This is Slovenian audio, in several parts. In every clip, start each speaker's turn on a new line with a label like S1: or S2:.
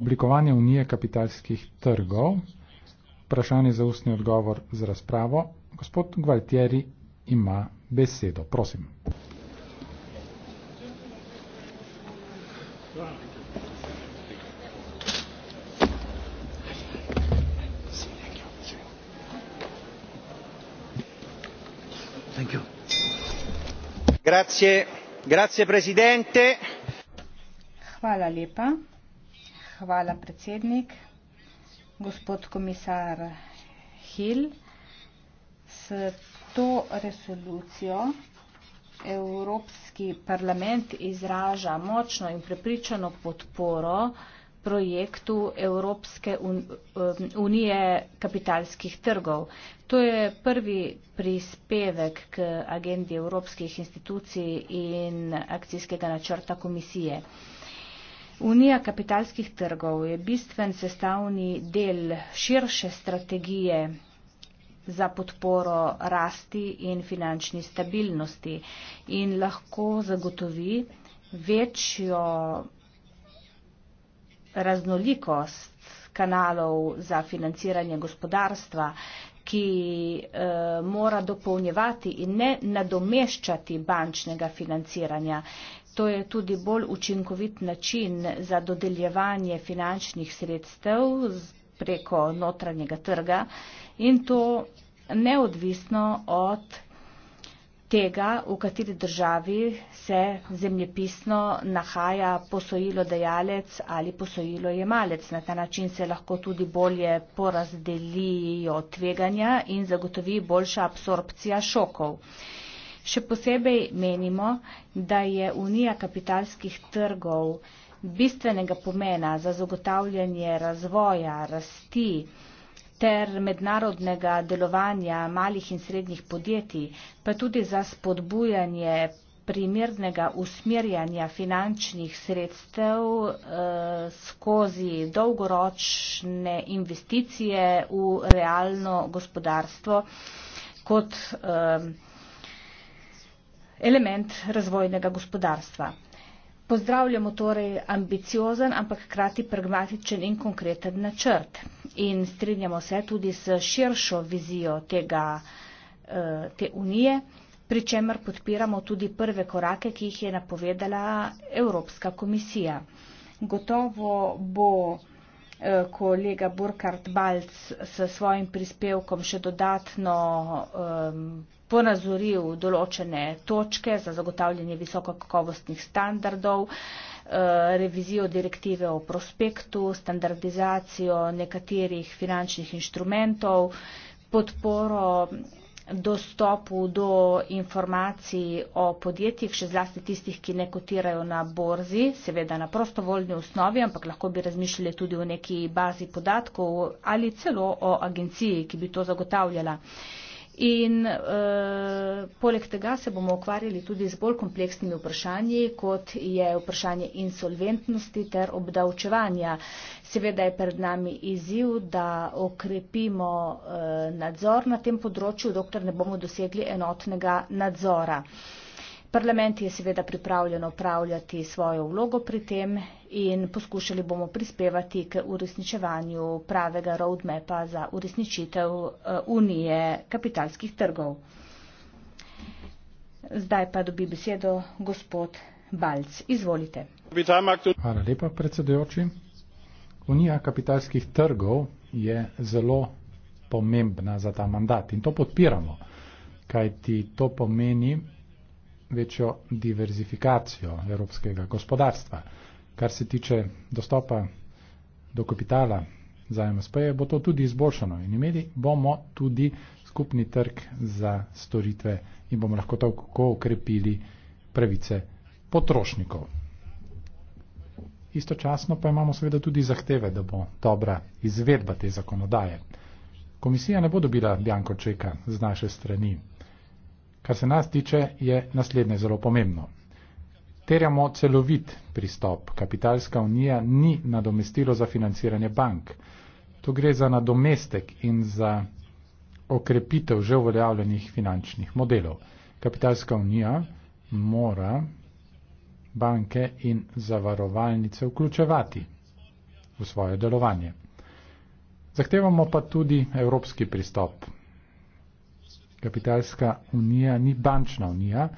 S1: oblikovanje unije kapitalskih trgov. Vprašanje za ustni odgovor z razpravo. Gospod Gvaltieri ima besedo. Prosim.
S2: Thank you. Grazie, grazie Presidente.
S3: Hvala lepa. Hvala, predsednik. Gospod komisar Hill, s to resolucijo Evropski parlament izraža močno in prepričano podporo projektu Evropske um, unije kapitalskih trgov. To je prvi prispevek k agendi evropskih institucij in akcijskega načrta komisije. Unija kapitalskih trgov je bistven sestavni del širše strategije za podporo rasti in finančni stabilnosti in lahko zagotovi večjo raznolikost kanalov za financiranje gospodarstva, ki e, mora dopolnjevati in ne nadomeščati bančnega financiranja. To je tudi bolj učinkovit način za dodeljevanje finančnih sredstev preko notranjega trga in to neodvisno od tega, v kateri državi se zemljepisno nahaja posojilo dejalec ali posojilo jemalec. Na ta način se lahko tudi bolje porazdelijo tveganja in zagotovi boljša absorpcija šokov. Še posebej menimo, da je unija kapitalskih trgov bistvenega pomena za zagotavljanje razvoja, rasti ter mednarodnega delovanja malih in srednjih podjetij, pa tudi za spodbujanje primernega usmerjanja finančnih sredstev eh, skozi dolgoročne investicije v realno gospodarstvo kot eh, element razvojnega gospodarstva. Pozdravljamo torej ambiciozen, ampak krati pragmatičen in konkreten načrt. In strinjamo se tudi s širšo vizijo tega, eh, te unije, pri čemer podpiramo tudi prve korake, ki jih je napovedala Evropska komisija. Gotovo bo eh, kolega Burkhard Balc s svojim prispevkom še dodatno um, ponazoril določene točke za zagotavljanje visokokakovostnih standardov, eh, revizijo direktive o prospektu, standardizacijo nekaterih finančnih inštrumentov, podporo dostopu do informacij o podjetjih, še zlasti tistih, ki ne kotirajo na borzi, seveda na prostovoljni osnovi, ampak lahko bi razmišljali tudi o neki bazi podatkov ali celo o agenciji, ki bi to zagotavljala. Uh, In eh, poleg tega se bomo ukvarjali tudi z bolj kompleksnimi vprašanji, kot je vprašanje insolventnosti ter obdavčevanja. Seveda je pred nami izziv, da okrepimo eh, nadzor na tem področju, dokler ne bomo dosegli enotnega nadzora. Eh, Parlament je seveda pripravljen upravljati svojo vlogo pri tem in poskušali bomo prispevati k uresničevanju pravega roadmapa za uresničitev eh, Unije kapitalskih trgov. Zdaj pa dobi besedo gospod Balc. Izvolite.
S1: Hvala lepa, predsedujoči. Unija kapitalskih trgov je zelo pomembna za ta mandat in to podpiramo, kajti to pomeni večjo diverzifikacijo evropskega gospodarstva. Kar se tiče dostopa do kapitala za MSP, bo to tudi izboljšano in imeli bomo tudi skupni trg za storitve in bomo lahko tako ukrepili pravice potrošnikov. Istočasno pa imamo seveda tudi zahteve, da bo dobra izvedba te zakonodaje. Komisija ne bo dobila bjanko čeka z naše strani, Kar se nas tiče, je naslednje zelo pomembno. Terjamo celovit pristop. Kapitalska unija ni nadomestilo za financiranje bank. Tu gre za nadomestek in za okrepitev že uveljavljenih finančnih modelov. Kapitalska unija mora banke in zavarovalnice vključevati v svoje delovanje. Zahtevamo pa tudi evropski pristop. Kapitalska unija ni bančna unija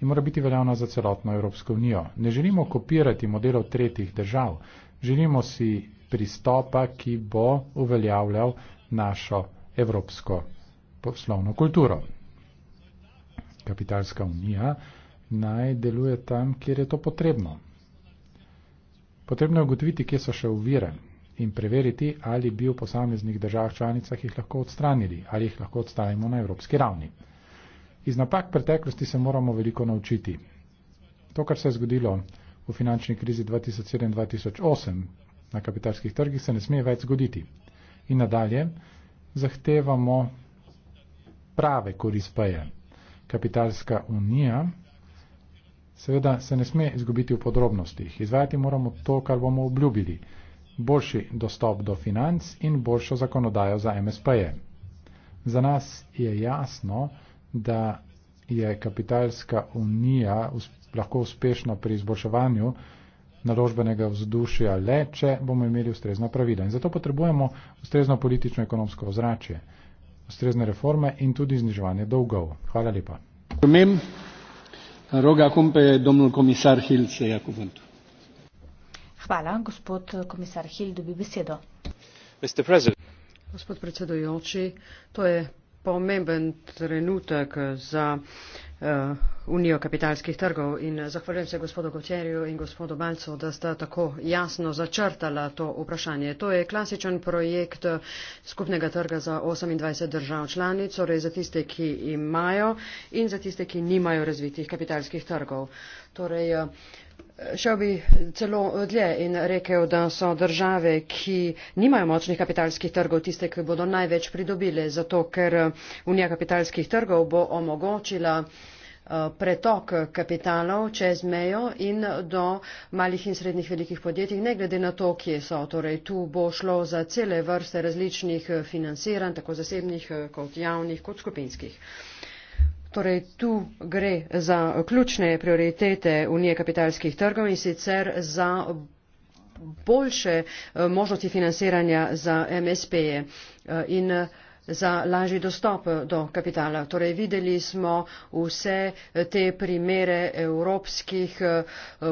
S1: in mora biti veljavna za celotno Evropsko unijo. Ne želimo kopirati modelov tretjih držav, želimo si pristopa, ki bo uveljavljal našo evropsko poslovno kulturo. Kapitalska unija naj deluje tam, kjer je to potrebno. Potrebno je ugotoviti, kje so še uvire in preveriti, ali bi v posameznih državah članicah jih lahko odstranili, ali jih lahko odstavimo na evropski ravni. Iz napak preteklosti se moramo veliko naučiti. To, kar se je zgodilo v finančni krizi 2007-2008 na kapitalskih trgih, se ne sme več zgoditi. In nadalje zahtevamo prave korispaje. Kapitalska unija seveda se ne sme izgubiti v podrobnostih. Izvajati moramo to, kar bomo obljubili boljši dostop do financ in boljšo zakonodajo za MSP-je. Za nas je jasno, da je kapitalska unija lahko uspešna pri izboljševanju naložbenega vzdušja le, če bomo imeli ustrezna pravila. In zato potrebujemo ustrezno politično-ekonomsko ozračje, ustrezne reforme in tudi zniževanje dolgov. Hvala lepa.
S2: Roga kumpe je domnul komisar Hilce Jakovantu.
S3: Hvala. Gospod eh, komisar
S4: Hill dobi besedo. Gospod predsedujoči, to je pomemben trenutek za uh, Unijo kapitalskih trgov in eh, zahvaljujem se gospodu Gotjerju in gospodu Balcu, da sta tako jasno začrtala to vprašanje. To je klasičen projekt skupnega trga za 28 držav članic, torej za tiste, ki imajo in za tiste, ki nimajo razvitih kapitalskih trgov. Torej, uh, šel bi celo dlje in rekel da so države ki nimajo močnih kapitalskih trgov tiste ki bodo največ pridobile zato ker unija kapitalskih trgov bo omogočila eh, pretok kapitalov čez mejo in do malih in srednjih velikih podjetij, ne glede na to, kje so. Torej, tu bo šlo za cele vrste različnih eh, financiranj, tako zasebnih eh, kot javnih, kot skupinskih. Uh, Torej, tu gre za ključne prioritete Unije kapitalskih trgov in sicer za boljše eh, možnosti financiranja za MSP-je. Eh, in uh, za lažji dostop do kapitala. Torej videli smo vse te primere evropskih eh,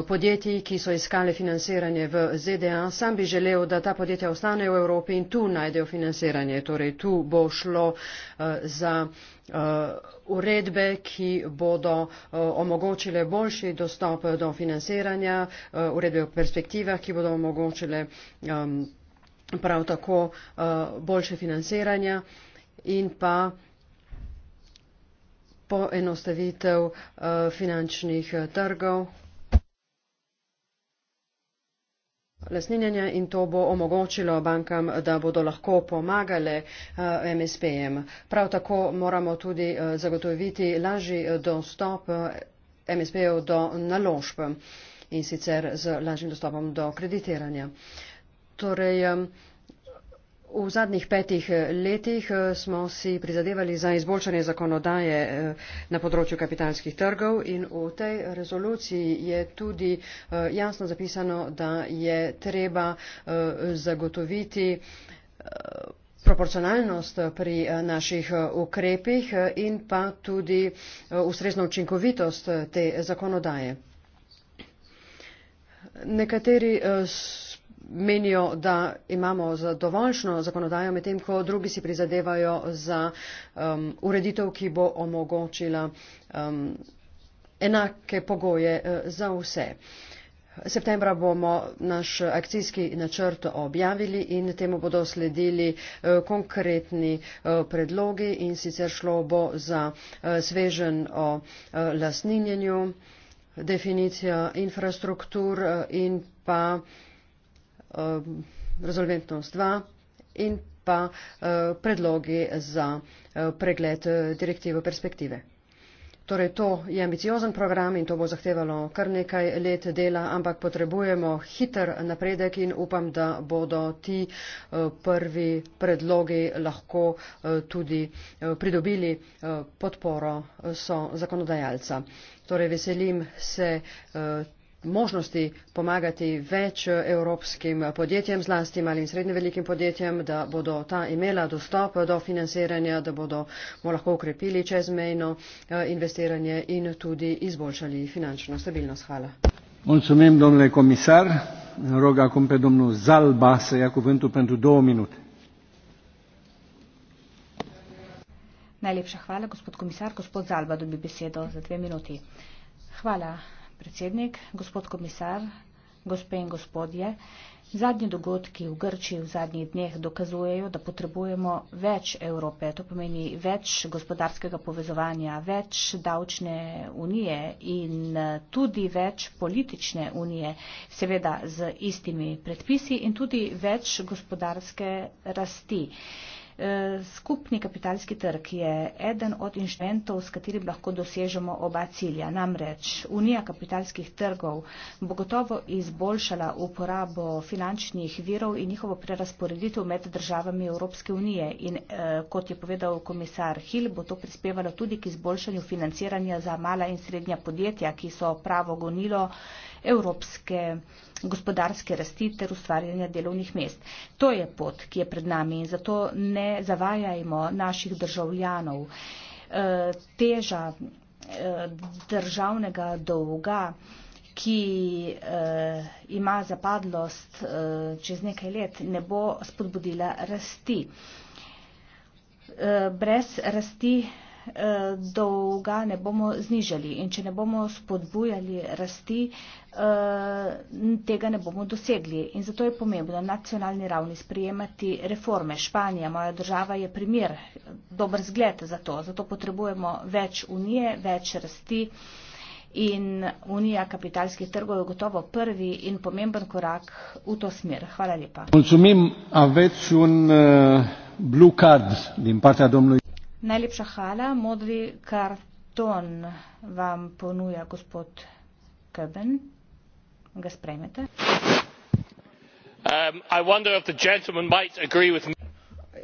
S4: podjetij, ki so iskale financiranje v ZDA. Sam bi želel, da ta podjetja ostanejo v Evropi in tu najdejo financiranje. Torej tu bo šlo eh, za eh, uredbe, ki bodo omogočile boljši dostop do financiranja, uredbe o perspektivah, ki bodo omogočile ehm, prav tako boljše financiranje in pa poenostavitev eh, finančnih eh, trgov. In to bo omogočilo bankam, da bodo lahko pomagale eh, MSP-jem. Prav tako moramo tudi zagotoviti lažji dostop MSP-jev do naložb in sicer z lažjim dostopom do kreditiranja. Torej, V zadnjih petih eh, letih eh, smo si prizadevali za izboljšanje zakonodaje eh, na področju kapitalskih trgov in v tej rezoluciji je tudi jasno zapisano, da je treba zagotoviti proporcionalnost pri naših ukrepih in pa tudi ustrezno učinkovitost te zakonodaje. Nekateri menijo da imamo dovoljšno zakonodajo medtem ko drugi si prizadevajo za um, ureditev ki bo omogočila um, enake pogoje uh, za vse. Septembra bomo naš akcijski načrt objavili in temu bodo sledili eh, konkretni eh, predlogi in sicer šlo bo za svežen o lasninjenju, definicijo infrastruktur in pa Eh, rezolventnost 2 in pa eh, predlogi za eh, pregled direktive perspektive. Torej, to je ambiciozen program in to bo zahtevalo kar nekaj let dela, ampak potrebujemo hiter napredek in upam, da bodo ti prvi predlogi lahko tudi pridobili podporo so zakonodajalca. Torej, veselim se možnosti pomagati več evropskim podjetjem, zlasti malim in srednje velikim podjetjem, da bodo ta imela dostop do financiranja, da bodo lahko ukrepili čezmejno eh, investiranje in tudi izboljšali finančno stabilnost. Hvala.
S2: Mulțumim, domnule comisar. Rog acum pe domnul Zalba să ia cuvântul pentru două minute.
S3: Najlepša hvala, gospod comisar. Gospod Zalba dobi besedo za dve minute. Hvala, predsednik, gospod komisar, gospe in gospodje. Zadnji dogodki v Grčiji v zadnjih dneh dokazujejo, da potrebujemo več Evrope, to pomeni več gospodarskega povezovanja, več davčne unije in eh, tudi več politične unije, seveda z istimi predpisi in tudi več gospodarske rasti. Uh, Skupni kapitalski trg je eden od inštrumentov, s katerim lahko dosežemo oba cilja. Namreč Unija kapitalskih trgov bo gotovo izboljšala uporabo finančnih virov in njihovo prerasporeditev med državami Evropske unije. In eh, kot je povedal komisar Hill, bo to prispevalo tudi k izboljšanju financiranja za mala in srednja podjetja, ki so pravo gonilo evropske gospodarske rasti ter ustvarjanja delovnih mest. To je pot, ki je pred nami in zato ne zavajajmo naših državljanov. E, teža e, državnega dolga, ki e, ima zapadlost čez nekaj let, ne bo spodbudila rasti. Brez rasti Eh, dolga ne bomo znižali in če ne bomo spodbujali rasti, eh, tega ne bomo dosegli. In zato je pomembno na nacionalni ravni sprijemati reforme. Španija, moja država, je primer, dober zgled za to. Zato potrebujemo več unije, več rasti. In Unija kapitalskih trgov je gotovo prvi in pomemben korak v to smer. Hvala lepa.
S2: Consumim aveți un uh, blue card din partea domnului.
S3: Najlepša hvala. Modri karton vam ponuja gospod
S4: Köben. Ga sprejmete? Um,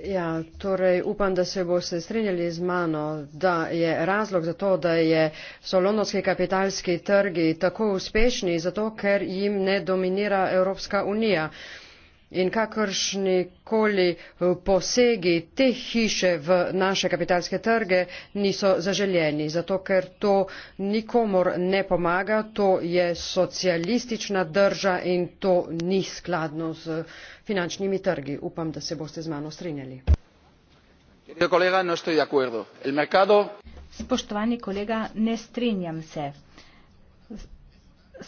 S4: ja, torej upam, da se boste strinjali z mano, da je razlog za to, da je so londonski kapitalski trgi tako uspešni, zato ker jim ne dominira Evropska unija. Uh, in kakršnikoli eh, posegi te hiše v naše kapitalske trge niso zaželjeni zato ker to nikomor ne pomaga to je socialistična drža in to ni skladno z finančnimi trgi upam da se boste z mano strinjali
S5: no
S4: Spoštovani kolega, ne strinjam se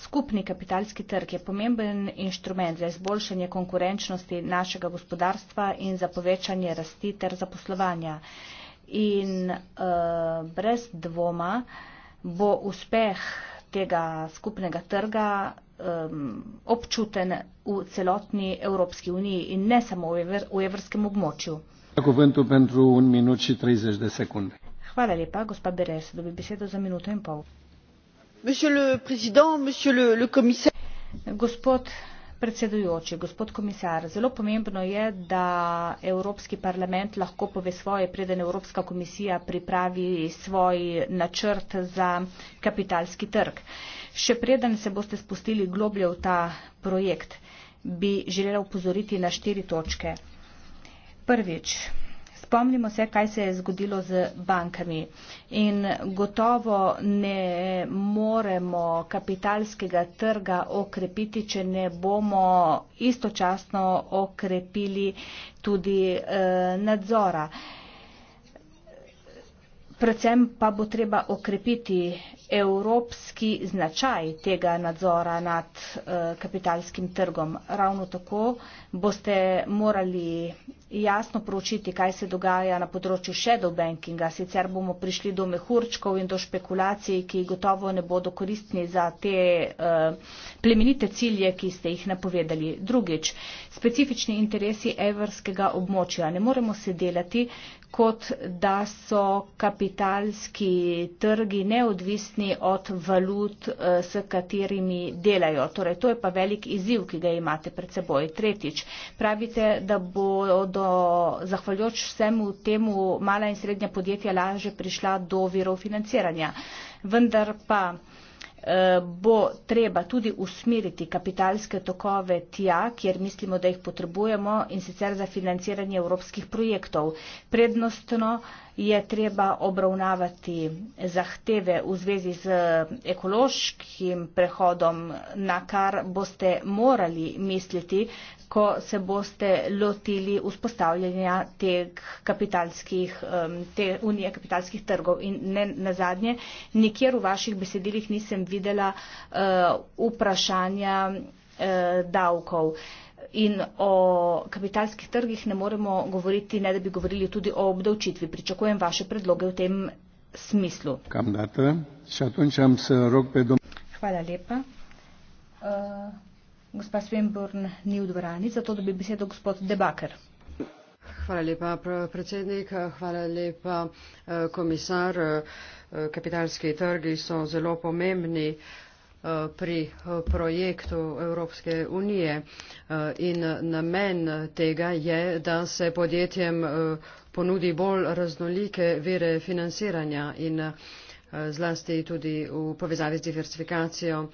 S3: skupni kapitalski trg je pomemben inštrument za izboljšanje konkurenčnosti našega gospodarstva in za povečanje rasti ter zaposlovanja. In uh, brez dvoma bo uspeh tega skupnega trga um, občuten v celotni Evropski uniji in ne samo v evrskem območju. Hvala lepa, gospa Beres, da bi besedo za minuto in pol monsieur le président monsieur le commissaire gospod predsedujoči gospod komisar zelo pomembno je da evropski parlament lahko pove svoje preden evropska komisija pripravi svoj načrt za kapitalski trg še preden se boste spustili globlje v ta projekt bi želela opozoriti na štiri točke prvič Spomnimo se, kaj se je zgodilo z bankami. In gotovo ne moremo kapitalskega trga okrepiti, če ne bomo istočasno okrepili tudi eh, nadzora. Eh, Predvsem pa bo treba okrepiti evropski značaj tega nadzora nad eh, kapitalskim trgom. Ravno tako boste morali jasno proučiti, kaj se dogaja na področju shadow bankinga. Sicer bomo prišli do mehurčkov in do špekulacij, ki gotovo ne bodo koristni za te eh, plemenite cilje, ki ste jih napovedali. Drugič, specifični interesi evrskega območja. Ne moremo se delati, kot da so kapitalski trgi neodvisni od valut, eh, s katerimi delajo. Torej, to je pa velik izziv, ki ga imate pred seboj. Tretjič, pravite, da bodo zahvaljujoč vsemu temu mala in srednja podjetja lažje prišla do virov financiranja. Vendar pa Eh, bo treba tudi usmeriti kapitalske tokove tja, kjer mislimo, da jih potrebujemo in sicer za financiranje evropskih projektov. Prednostno je treba obravnavati zahteve v zvezi z ekološkim prehodom, na kar boste morali misliti, ko se boste lotili vzpostavljanja teh kapitalskih, te unije kapitalskih trgov. In ne na zadnje, nikjer v vaših besedilih nisem videla e, vprašanja e, davkov. In o kapitalskih trgih ne moremo govoriti, ne da bi govorili tudi o obdavčitvi. Pričakujem vaše predloge v tem smislu. Hvala lepa.
S4: Uh...
S3: Gospa Svenborn ni v dvorani, zato da bi besedo gospod Debaker.
S4: Hvala lepa, predsednik, hvala lepa, eh, komisar. Eh, kapitalski trgi so zelo pomembni eh, pri projektu Evropske unije in namen tega je, da se podjetjem ponudi bolj raznolike vire financiranja in zlasti tudi v povezavi z diversifikacijo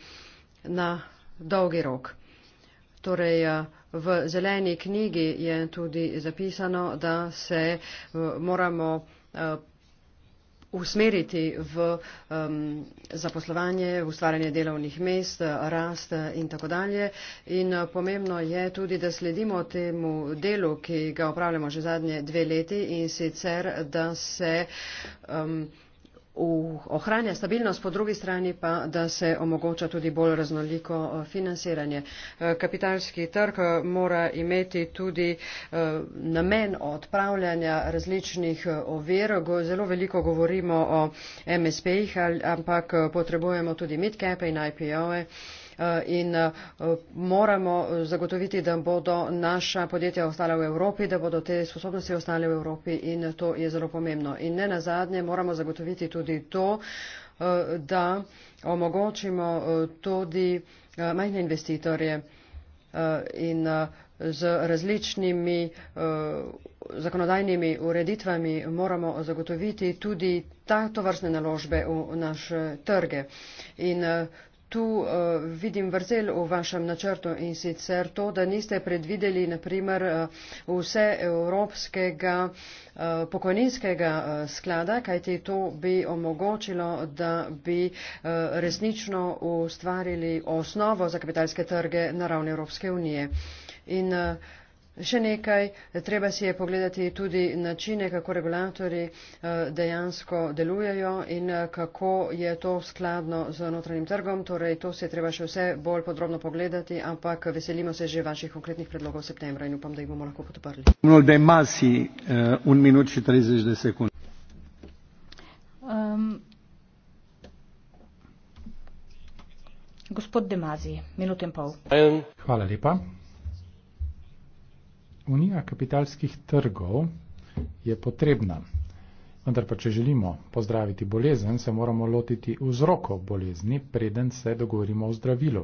S4: na dolgi rok. Torej, eh, v zeleni knjigi je tudi zapisano, da se eh, moramo eh, usmeriti v um, zaposlovanje, ustvarjanje delovnih mest, rast in tako dalje. In pomembno je tudi, da sledimo temu delu, ki ga upravljamo že zadnje dve leti in sicer, da se um, ohranja stabilnost, po drugi strani pa, da se omogoča tudi bolj raznoliko eh, financiranje. Eh, kapitalski trg eh, mora imeti tudi namen odpravljanja različnih ovir. Zelo veliko govorimo o MSP-jih, ampak potrebujemo tudi midcape in IPO-je. Eh, in eh, moramo eh, zagotoviti, da bodo naša podjetja ostala v Evropi, da bodo te sposobnosti ostale v Evropi in to je zelo pomembno. In ne nazadnje moramo zagotoviti tudi to, da omogočimo tudi majhne investitorje in z različnimi zakonodajnimi ureditvami moramo zagotoviti tudi ta tovrstne naložbe v naše trge. In tu uh, vidim vrzel v vašem načrtu in sicer to, da niste predvideli naprimer eh, vse evropskega uh, pokojninskega uh, sklada, kajti to bi omogočilo, da bi uh, resnično ustvarili osnovo za kapitalske trge na ravni Evropske unije. In, uh, Še nekaj, treba si je pogledati tudi načine, kako regulatori eh, dejansko delujejo in eh, kako je to skladno z notranjim trgom. Torej, to se je treba še vse bolj podrobno pogledati, ampak veselimo se že vaših konkretnih predlogov v septembru in upam, da jih bomo lahko podprli.
S1: Eh, Hvala lepa. Unija kapitalskih trgov je potrebna. Vendar pa, če želimo pozdraviti bolezen, se moramo lotiti vzrokov bolezni, preden se dogovorimo o zdravilu.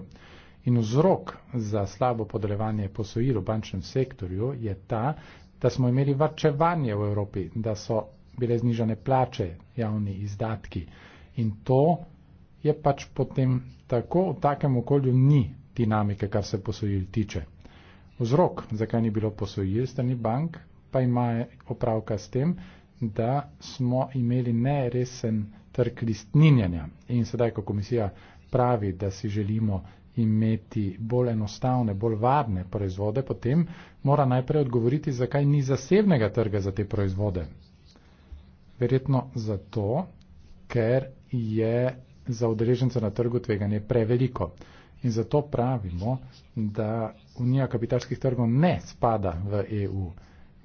S1: In vzrok za slabo podelevanje posojil v bančnem sektorju je ta, da smo imeli varčevanje v Evropi, da so bile znižane plače, javni izdatki. In to je pač potem tako, v takem okolju ni dinamike, kar se posojil tiče. Vzrok, zakaj ni bilo posojil strani bank, pa ima opravka s tem, da smo imeli neresen trg listninjanja. In sedaj, ko komisija pravi, da si želimo imeti bolj enostavne, bolj varne proizvode, potem mora najprej odgovoriti, zakaj ni zasebnega trga za te proizvode. Verjetno zato, ker je za udeležence na trgu tveganje preveliko. In zato pravimo, da Unija kapitalskih trgov ne spada v EU.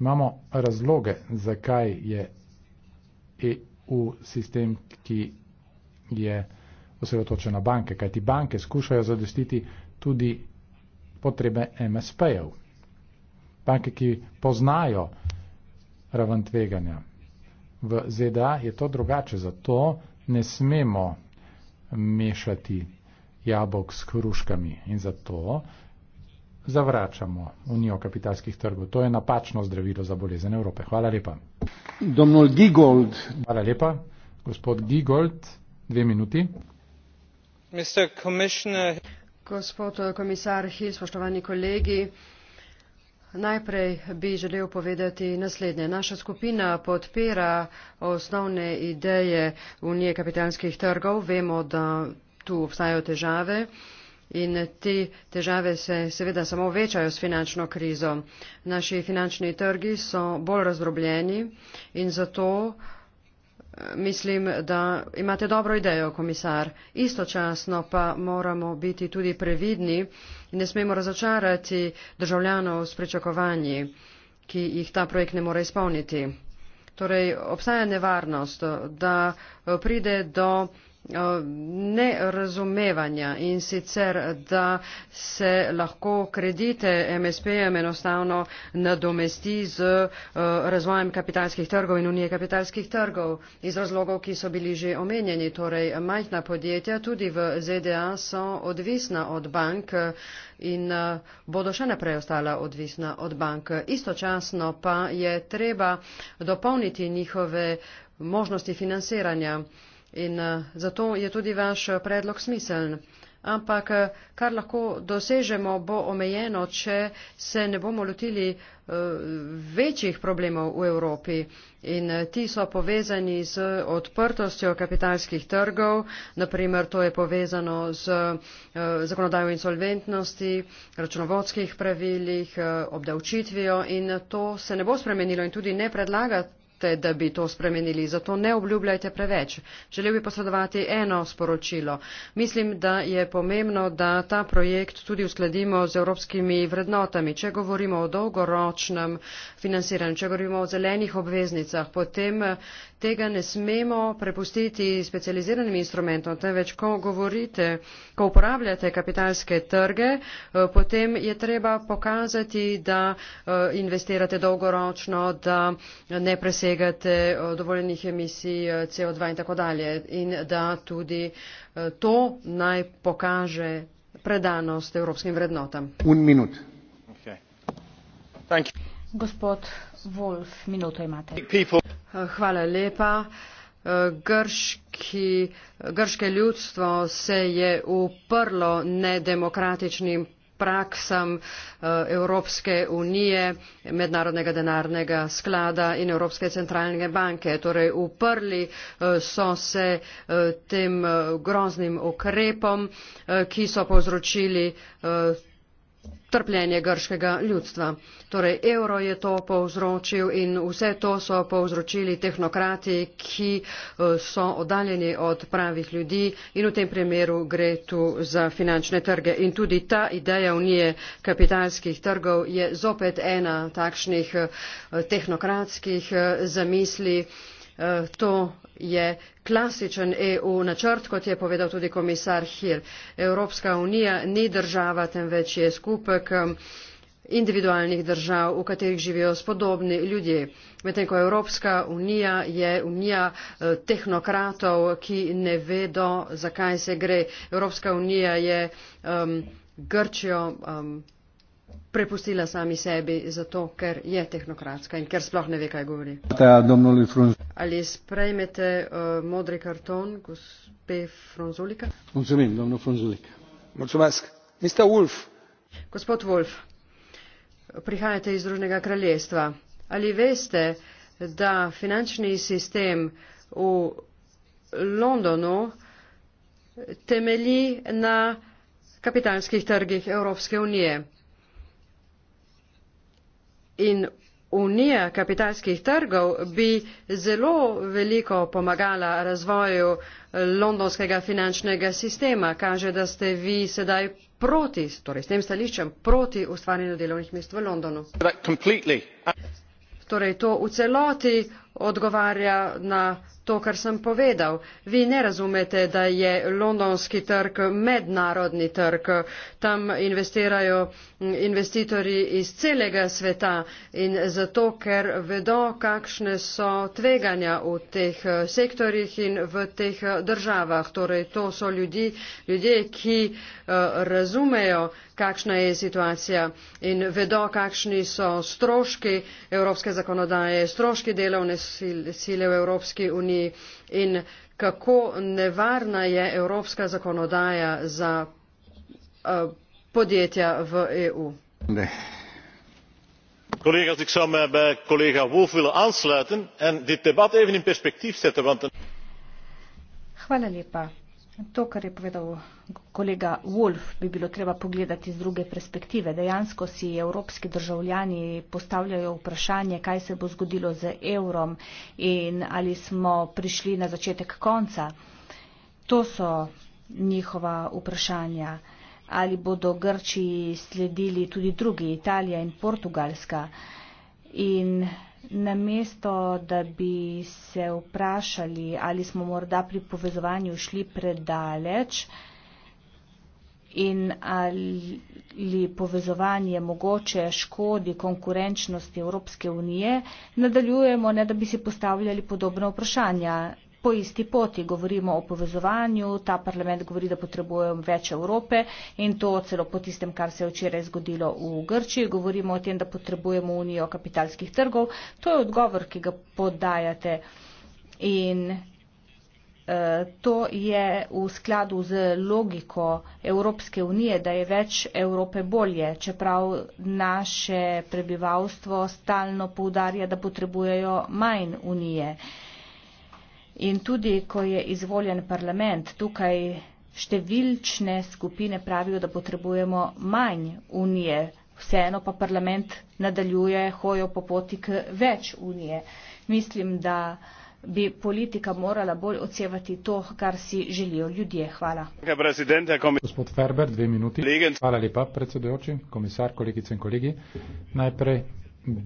S1: Imamo razloge, zakaj je EU sistem, ki je osredotočen na banke, kajti banke skušajo zadostiti tudi potrebe MSP-jev. Banke, ki poznajo raven tveganja. V ZDA je to drugače, zato ne smemo mešati jabolk s hruškami in zato zavračamo unijo kapitalskih trgov. To je napačno zdravilo za bolezen Evrope. Hvala lepa. Hvala lepa. Gospod Gigold, dve minuti.
S4: Gospod eh, komisar Hill, spoštovani kolegi. Najprej bi želel povedati naslednje. Naša skupina podpira osnovne ideje Unije kapitalskih trgov. Vemo, da tu obstajajo težave in te težave se seveda samo večajo s finančno krizo. Naši finančni trgi so bolj razdrobljeni in zato eh, mislim, da imate dobro idejo, komisar. Istočasno pa moramo biti tudi previdni in ne smemo razočarati državljanov s pričakovanji, ki jih ta projekt ne more izpolniti. Torej, obstaja nevarnost, da eh, pride do Eh, nerazumevanja in sicer, da se lahko kredite MSP-jem enostavno nadomesti z eh, razvojem kapitalskih trgov in unije kapitalskih trgov iz razlogov, ki so bili že omenjeni. Torej, majhna podjetja tudi v ZDA so odvisna od bank eh, in bodo še naprej ostala odvisna od bank. Istočasno pa je treba dopolniti njihove možnosti financiranja. In eh, zato je tudi vaš eh, predlog smiseln. Ampak eh, kar lahko dosežemo, bo omejeno, če se ne bomo lotili večjih problemov v Evropi. In ti so povezani z odprtostjo kapitalskih trgov, naprimer to je povezano z zakonodajo insolventnosti, računovodskih pravilih, obdavčitvijo in to se ne bo spremenilo in tudi ne predlagati načrte, da bi to spremenili. Zato ne obljubljajte preveč. Želel bi posredovati eno sporočilo. Mislim, da je pomembno, da ta projekt tudi uskladimo z evropskimi vrednotami. Če govorimo o dolgoročnem financiranju, če govorimo o zelenih obveznicah, potem eh, tega ne smemo prepustiti specializiranim instrumentom. Teveč, ko govorite, ko uporabljate kapitalske trge, eh, potem je treba pokazati, da eh, investirate dolgoročno, da ne presegate dosegate eh, dovoljenih emisij eh, CO2 in tako dalje. In da tudi eh, to naj pokaže predanost evropskim vrednotam. Un minut. Okay. Gospod Wolf, minuto imate. People. Hvala lepa. Grški, grške ljudstvo se je uprlo nedemokratičnim praksam eh, evropske unije mednarodnega denarnega sklada in evropske centralne banke torej uprli eh, so se eh, tem groznim ukrepom ki so povzročili trpljenje grškega ljudstva. Torej, evro je to povzročil in vse to so povzročili tehnokrati, ki eh, so oddaljeni od pravih ljudi in v tem primeru gre tu za finančne trge. In tudi ta ideja unije kapitalskih trgov je zopet ena takšnih eh, tehnokratskih eh, zamisli. Eh, to je klasičen EU načrt, kot je povedal tudi komisar Hir. Evropska unija ni država, temveč je skupek eh, individualnih držav, v katerih živijo spodobni ljudje. Medtem ko Evropska unija je unija eh, tehnokratov, ki ne vedo, zakaj se gre. Evropska unija je um, Grčijo. Um, prepustila sami sebi, zato ker je tehnokratska in ker sploh ne ve, kaj govori. Ali sprejmete uh, modri karton, gospe Fronzulika?
S2: Razumem, domno Fronzulika. Močumask. Mr. Wolf.
S4: Gospod Wolf, prihajate iz Združenega kraljestva. Ali veste, da finančni sistem v Londonu temelji na kapitalskih trgih Evropske unije? in unija kapitalskih trgov bi zelo veliko pomagala razvoju eh, londonskega finančnega sistema. Kaže, da ste vi sedaj proti, torej s tem stališčem, proti ustvarjanju delovnih mest v Londonu. Torej to v celoti odgovarja na to, kar sem povedal. Vi ne razumete, da je londonski trg mednarodni trg. Tam investirajo investitorji iz celega sveta in zato, ker vedo, kakšne so tveganja v teh eh, sektorjih in v teh eh, državah. Torej, to so ljudi, ljudje, ki eh, razumejo, kakšna je situacija in vedo, kakšni so stroški evropske zakonodaje, stroški delovne sile v Evropski uniji Sloveniji in kako nevarna je evropska zakonodaja za uh, podjetja v EU.
S2: Ne.
S5: Collega's, ik zou mij bij collega Wolf willen aansluiten en dit debat even in perspectief zetten. Want een...
S3: Hvala lepa. To, kar je povedal kolega Wolf, bi bilo treba pogledati z druge perspektive. Dejansko si evropski državljani postavljajo vprašanje, kaj se bo zgodilo z evrom in ali smo prišli na začetek konca. To so njihova vprašanja. Ali bodo Grčiji sledili tudi drugi, Italija in Portugalska. In namesto, da bi se vprašali, ali smo morda pri povezovanju šli predaleč in ali povezovanje mogoče škodi konkurenčnosti Evropske unije, nadaljujemo, ne da bi si postavljali podobno vprašanja po isti poti. Govorimo o povezovanju, ta parlament govori, da potrebujemo več Evrope in to celo po tistem, kar se je včeraj zgodilo v Grčiji. Govorimo o tem, da potrebujemo unijo kapitalskih trgov. To je odgovor, ki ga podajate. In eh, To je v skladu z logiko Evropske unije, da je več Evrope bolje, čeprav naše prebivalstvo stalno poudarja, da potrebujejo manj unije. Uh, In tudi, ko je izvoljen parlament, tukaj številčne skupine pravijo, da potrebujemo manj unije, vseeno pa parlament nadaljuje hojo po poti k več unije. Mislim, da bi politika morala bolj odsevati to, kar si želijo ljudje. Hvala.
S1: Gospod Ferber, dve minuti. Hvala lepa, predsedujoči, komisar, kolegice in kolegi. Najprej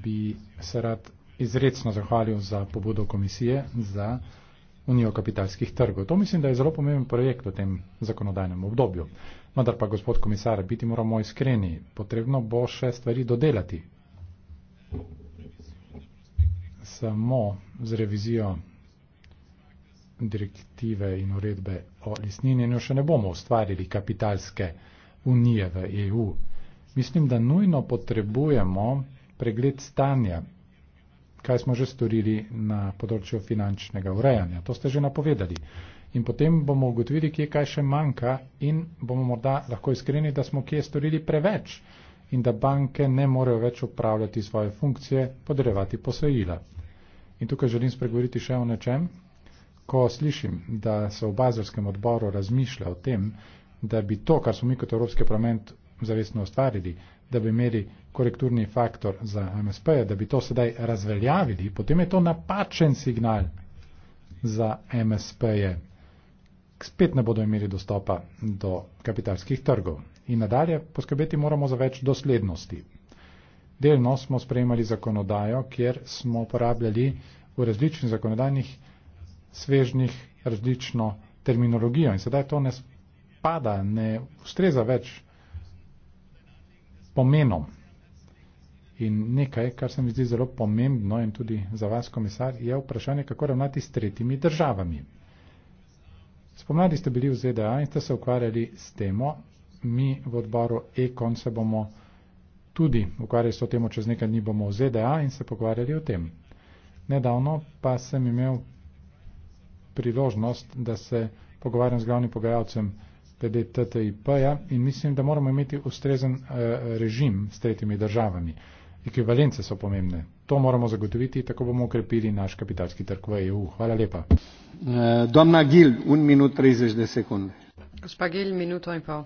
S1: bi se rad izredno zahvalil za pobudo komisije za unijo kapitalskih trgov. To mislim, da je zelo pomemben projekt v tem zakonodajnem obdobju. Vendar pa, gospod komisar, biti moramo iskreni, potrebno bo še stvari dodelati. Samo z revizijo direktive in uredbe o lisninjenju še ne bomo ustvarili kapitalske unije v EU. Mislim, da nujno potrebujemo pregled stanja kaj smo že storili na področju finančnega urejanja. To ste že napovedali. In potem bomo ugotovili, kje kaj še manjka in bomo morda lahko iskreni, da smo kje storili preveč in da banke ne morejo več upravljati svoje funkcije, podrevati posojila. In tukaj želim spregovoriti še o nečem. Ko slišim, da se v bazarskem odboru razmišlja o tem, da bi to, kar smo mi kot Evropski parlament zavestno ustvarili, da bi imeli korekturni faktor za MSP-je, da bi to sedaj razveljavili, potem je to napačen signal za MSP-je. Spet ne bodo imeli dostopa do kapitalskih trgov. In nadalje poskrbeti moramo za več doslednosti. Delno smo sprejemali zakonodajo, kjer smo uporabljali v različnih zakonodajnih svežnih različno terminologijo. In sedaj to ne spada, ne ustreza več pomenom In nekaj, kar se mi zdi zelo pomembno in tudi za vas, komisar, je vprašanje, kako ravnati s tretjimi državami. Spomladi ste bili v ZDA in ste se ukvarjali s temo. Mi v odboru Ekon se bomo tudi ukvarjali s to temo, čez nekaj dni bomo v ZDA in se pogovarjali o tem. Nedavno pa sem imel priložnost, da se pogovarjam z glavnim pogajalcem glede TTIP-ja in mislim, da moramo imeti ustrezen uh, režim s tretjimi državami ekvivalence so pomembne. To moramo zagotoviti, tako bomo ukrepili naš kapitalski trg v EU. Hvala lepa. Eh,
S2: Domna Gil, 1 minut 30 sekund.
S4: Gospa Gil, minuto in pol.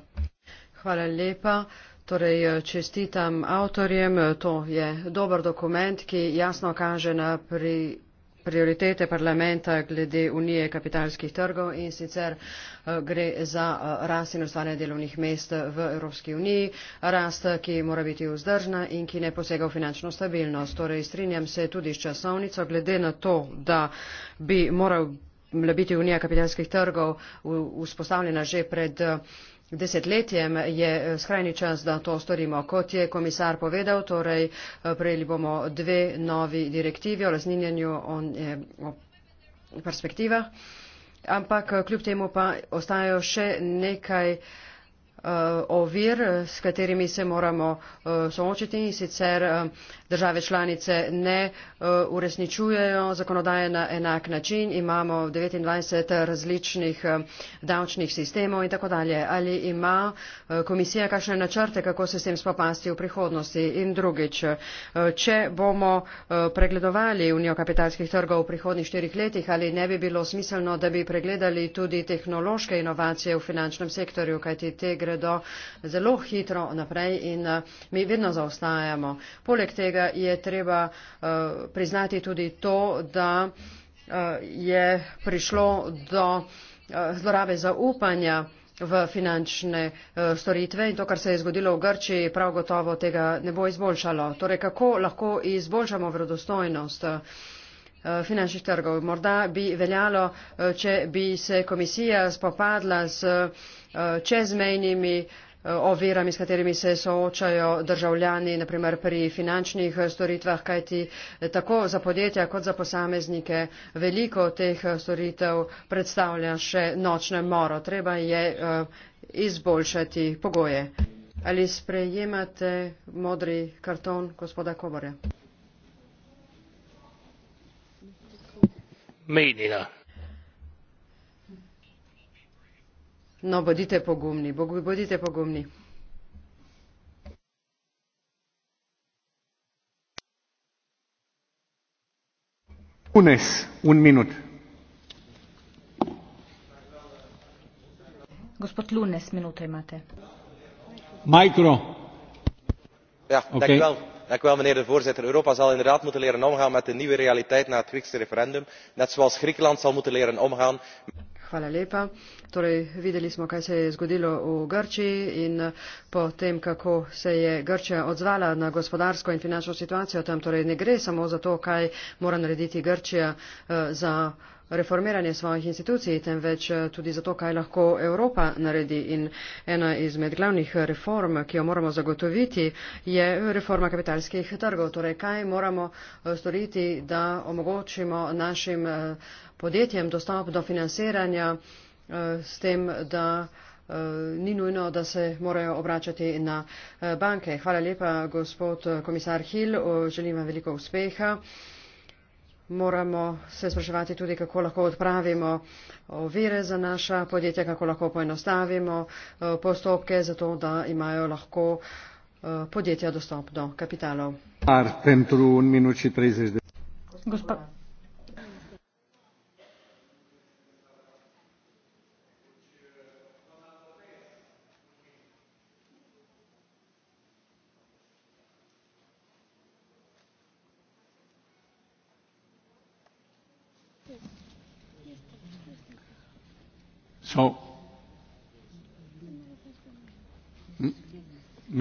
S4: Hvala lepa. Torej, eh, čestitam avtorjem. Eh, to je dober dokument, ki jasno kaže na pri prioritete parlamenta glede unije kapitalskih trgov in sicer eh, gre za eh, rast in ustvarjanje delovnih mest v Evropski uniji, rast, ki mora biti vzdržna in ki ne posega v finančno stabilnost. Torej, strinjam se tudi s časovnico glede na to, da bi moral biti unija kapitalskih trgov vzpostavljena že pred desetletjem je eh, skrajni čas, da to storimo. Kot je komisar povedal, torej eh, prejeli bomo dve novi direktivi o raznjenju eh, perspektiva, ampak kljub temu pa ostajajo še nekaj ovir, s katerimi se moramo soočiti in sicer države članice ne eh, uresničujejo zakonodaje na enak način, imamo 29 različnih eh, davčnih sistemov in tako dalje. Ali ima eh, komisija kakšne načrte, kako se s tem spopasti v prihodnosti? In drugič, če bomo pregledovali Unijo kapitalskih trgov v prihodnih štirih letih, ali ne bi bilo smiselno, da bi pregledali tudi tehnološke inovacije v finančnem sektorju, kajti te gredo zelo hitro naprej in mi vedno zaostajamo. Poleg tega seveda je treba uh, priznati tudi to, da uh, je prišlo do uh, zlorabe zaupanja v finančne uh, storitve in to, kar se je zgodilo v Grčiji, prav gotovo tega ne bo izboljšalo. Torej, kako lahko izboljšamo vredostojnost? Uh, finančnih trgov. Morda bi veljalo, če bi se komisija spopadla s čezmejnimi Eh, ovirami, s katerimi se soočajo državljani, naprimer pri finančnih eh, storitvah, kajti eh, tako za podjetja kot za posameznike veliko teh storitev predstavlja še nočne moro. Treba je izboljšati pogoje. Ali sprejemate modri karton gospoda Kobore?
S5: Mejnina. Uh,
S4: No, bodite pogumni, bodite pogumni.
S2: Unes, un minut.
S3: Gospod Lunes, minuto imate.
S2: Micro. Ja, okay. dank, u wel. dank u wel, meneer de voorzitter. Europa
S5: zal inderdaad moeten leren omgaan met de nieuwe realiteit na het Griekse referendum, net zoals Griekenland zal moeten leren omgaan.
S4: Met Hvala lepa. Torej, videli smo, kaj se je zgodilo v Grčiji in po tem, kako se je Grčija odzvala na gospodarsko in finančno situacijo. Tam torej ne gre samo za to, kaj mora narediti Grčija eh, za reformiranje svojih institucij, temveč eh, tudi zato, kaj lahko Evropa naredi. In ena izmed glavnih reform, ki jo moramo zagotoviti, je reforma kapitalskih trgov. Torej, kaj moramo eh, storiti, da omogočimo našim eh, podjetjem dostop do financiranja s tem, da ni nujno, da se morajo obračati na banke. Hvala lepa, gospod komisar Hill. Želim vam veliko uspeha moramo se spraševati tudi, kako lahko odpravimo ovire za naša podjetja, kako lahko poenostavimo eh, postopke, zato da imajo lahko eh, podjetja dostop do kapitalov. Gospa,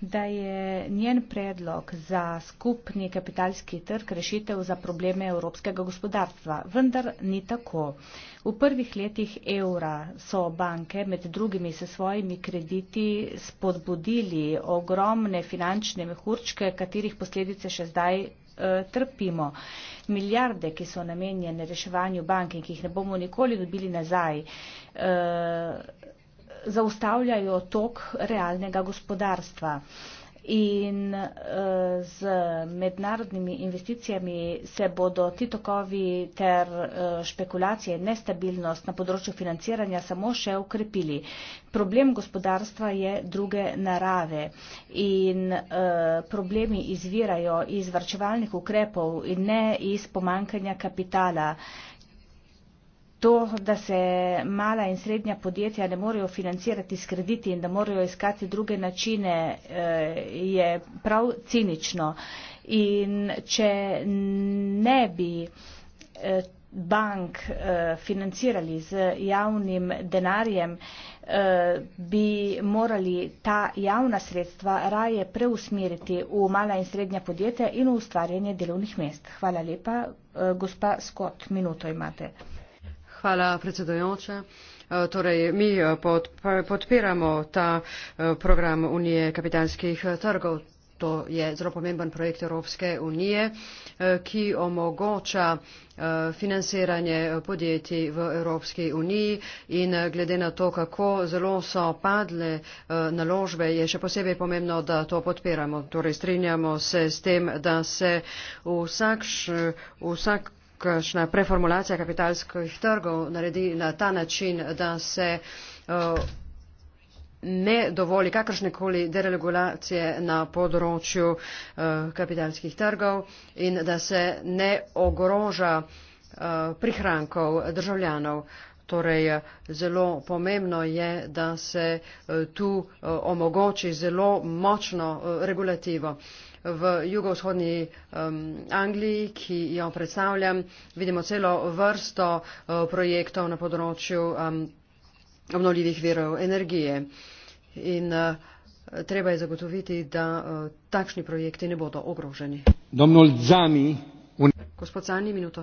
S3: da je njen predlog za skupni kapitalski trg rešitev za probleme evropskega gospodarstva. Vendar ni tako. V prvih letih evra so banke med drugimi se svojimi krediti spodbudili ogromne finančne mehurčke, katerih posledice še zdaj eh, trpimo. Milijarde, ki so namenjene reševanju banke, ki jih ne bomo nikoli dobili nazaj, eh, zaustavljajo tok realnega gospodarstva. In eh, z mednarodnimi investicijami se bodo ti tokovi ter eh, špekulacije in nestabilnost na področju financiranja samo še ukrepili. Problem gospodarstva je druge narave in eh, problemi izvirajo iz vrčevalnih ukrepov in ne iz pomankanja kapitala to, da se mala in srednja podjetja ne morejo financirati s krediti in da morajo iskati druge načine, eh, je prav cinično. In če ne bi eh, bank eh, financirali z javnim denarjem, bi morali ta javna sredstva raje preusmeriti v mala in srednja podjetja in v ustvarjanje delovnih mest. Hvala lepa. Gospa Scott, minuto imate.
S4: Eh, torej mi eh, podpiramo ta eh, program unije kapitalskih trgov to je zelo pomemben projekt evropske unije ki omogoča financiranje podjetij v evropski uniji in glede na to kako zelo so padle naložbe je še posebej pomembno da to podpiramo torej strinjamo se s tem da se vsak, vsak kakšna preformulacija kapitalskih trgov naredi na ta način, da se eh, ne dovoli kakršnekoli deregulacije na področju eh, kapitalskih trgov in da se ne ogroža eh, prihrankov državljanov. Torej, zelo pomembno je, da se eh, tu eh, omogoči zelo močno eh, regulativo. V jugovzhodni um, Angliji, ki jo predstavljam, vidimo celo vrsto uh, projektov na področju um, obnovljivih verov energije. In uh, treba je zagotoviti, da uh, takšni projekti ne bodo ogroženi. Gospod Zani, minuto.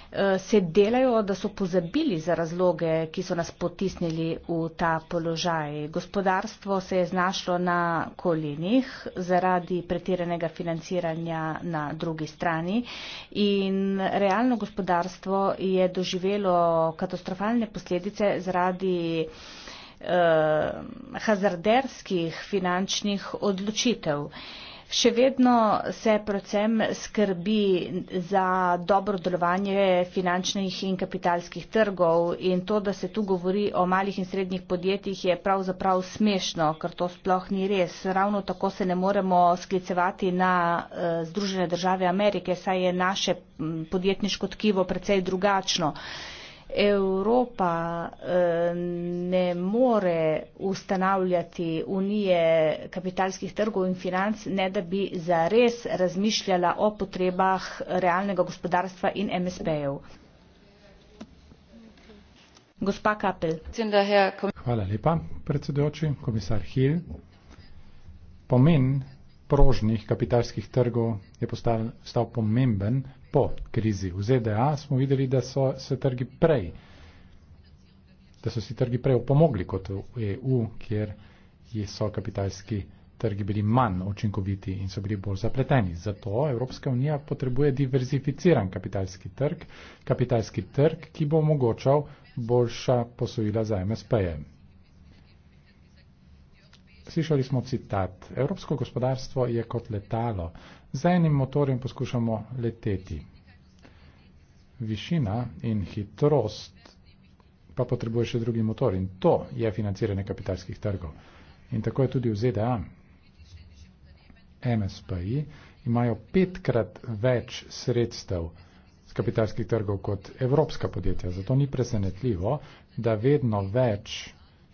S3: Eh, se delajo, da so pozabili za razloge, ki so nas potisnili v ta položaj. Gospodarstvo se je znašlo na kolenih zaradi pretiranega financiranja na drugi strani in realno gospodarstvo je doživelo katastrofalne posledice zaradi eh, hazarderskih finančnih odločitev. Eh, Še vedno se predvsem skrbi za dobro delovanje finančnih in kapitalskih trgov in to, da se tu govori o malih in srednjih podjetjih, je pravzaprav smešno, ker to sploh ni res. Ravno tako se ne moremo sklicevati na eh, Združene države Amerike, saj je naše podjetniško tkivo precej drugačno. Evropa eh, ne more ustanavljati unije kapitalskih trgov in financ, ne da bi zares razmišljala o potrebah realnega gospodarstva in MSP-jev. Gospa Kapel.
S1: Hvala lepa, predsedujoči, komisar Hill. Pomen prožnih kapitalskih trgov je postal pomemben po krizi v ZDA, smo videli, da so se trgi prej, da so si trgi prej opomogli kot v EU, kjer so kapitalski trgi bili manj učinkoviti in so bili bolj zapleteni. Zato Evropska unija potrebuje diverzificiran kapitalski trg, kapitalski trg, ki bo omogočal boljša posojila za MSP-je. Slišali smo citat, evropsko gospodarstvo je kot letalo, z enim motorjem poskušamo leteti. Višina in hitrost pa potrebuje še drugi motor in to je financiranje kapitalskih trgov. In tako je tudi v ZDA. MSPI imajo petkrat več sredstev z kapitalskih trgov kot evropska podjetja. Zato ni presenetljivo, da vedno več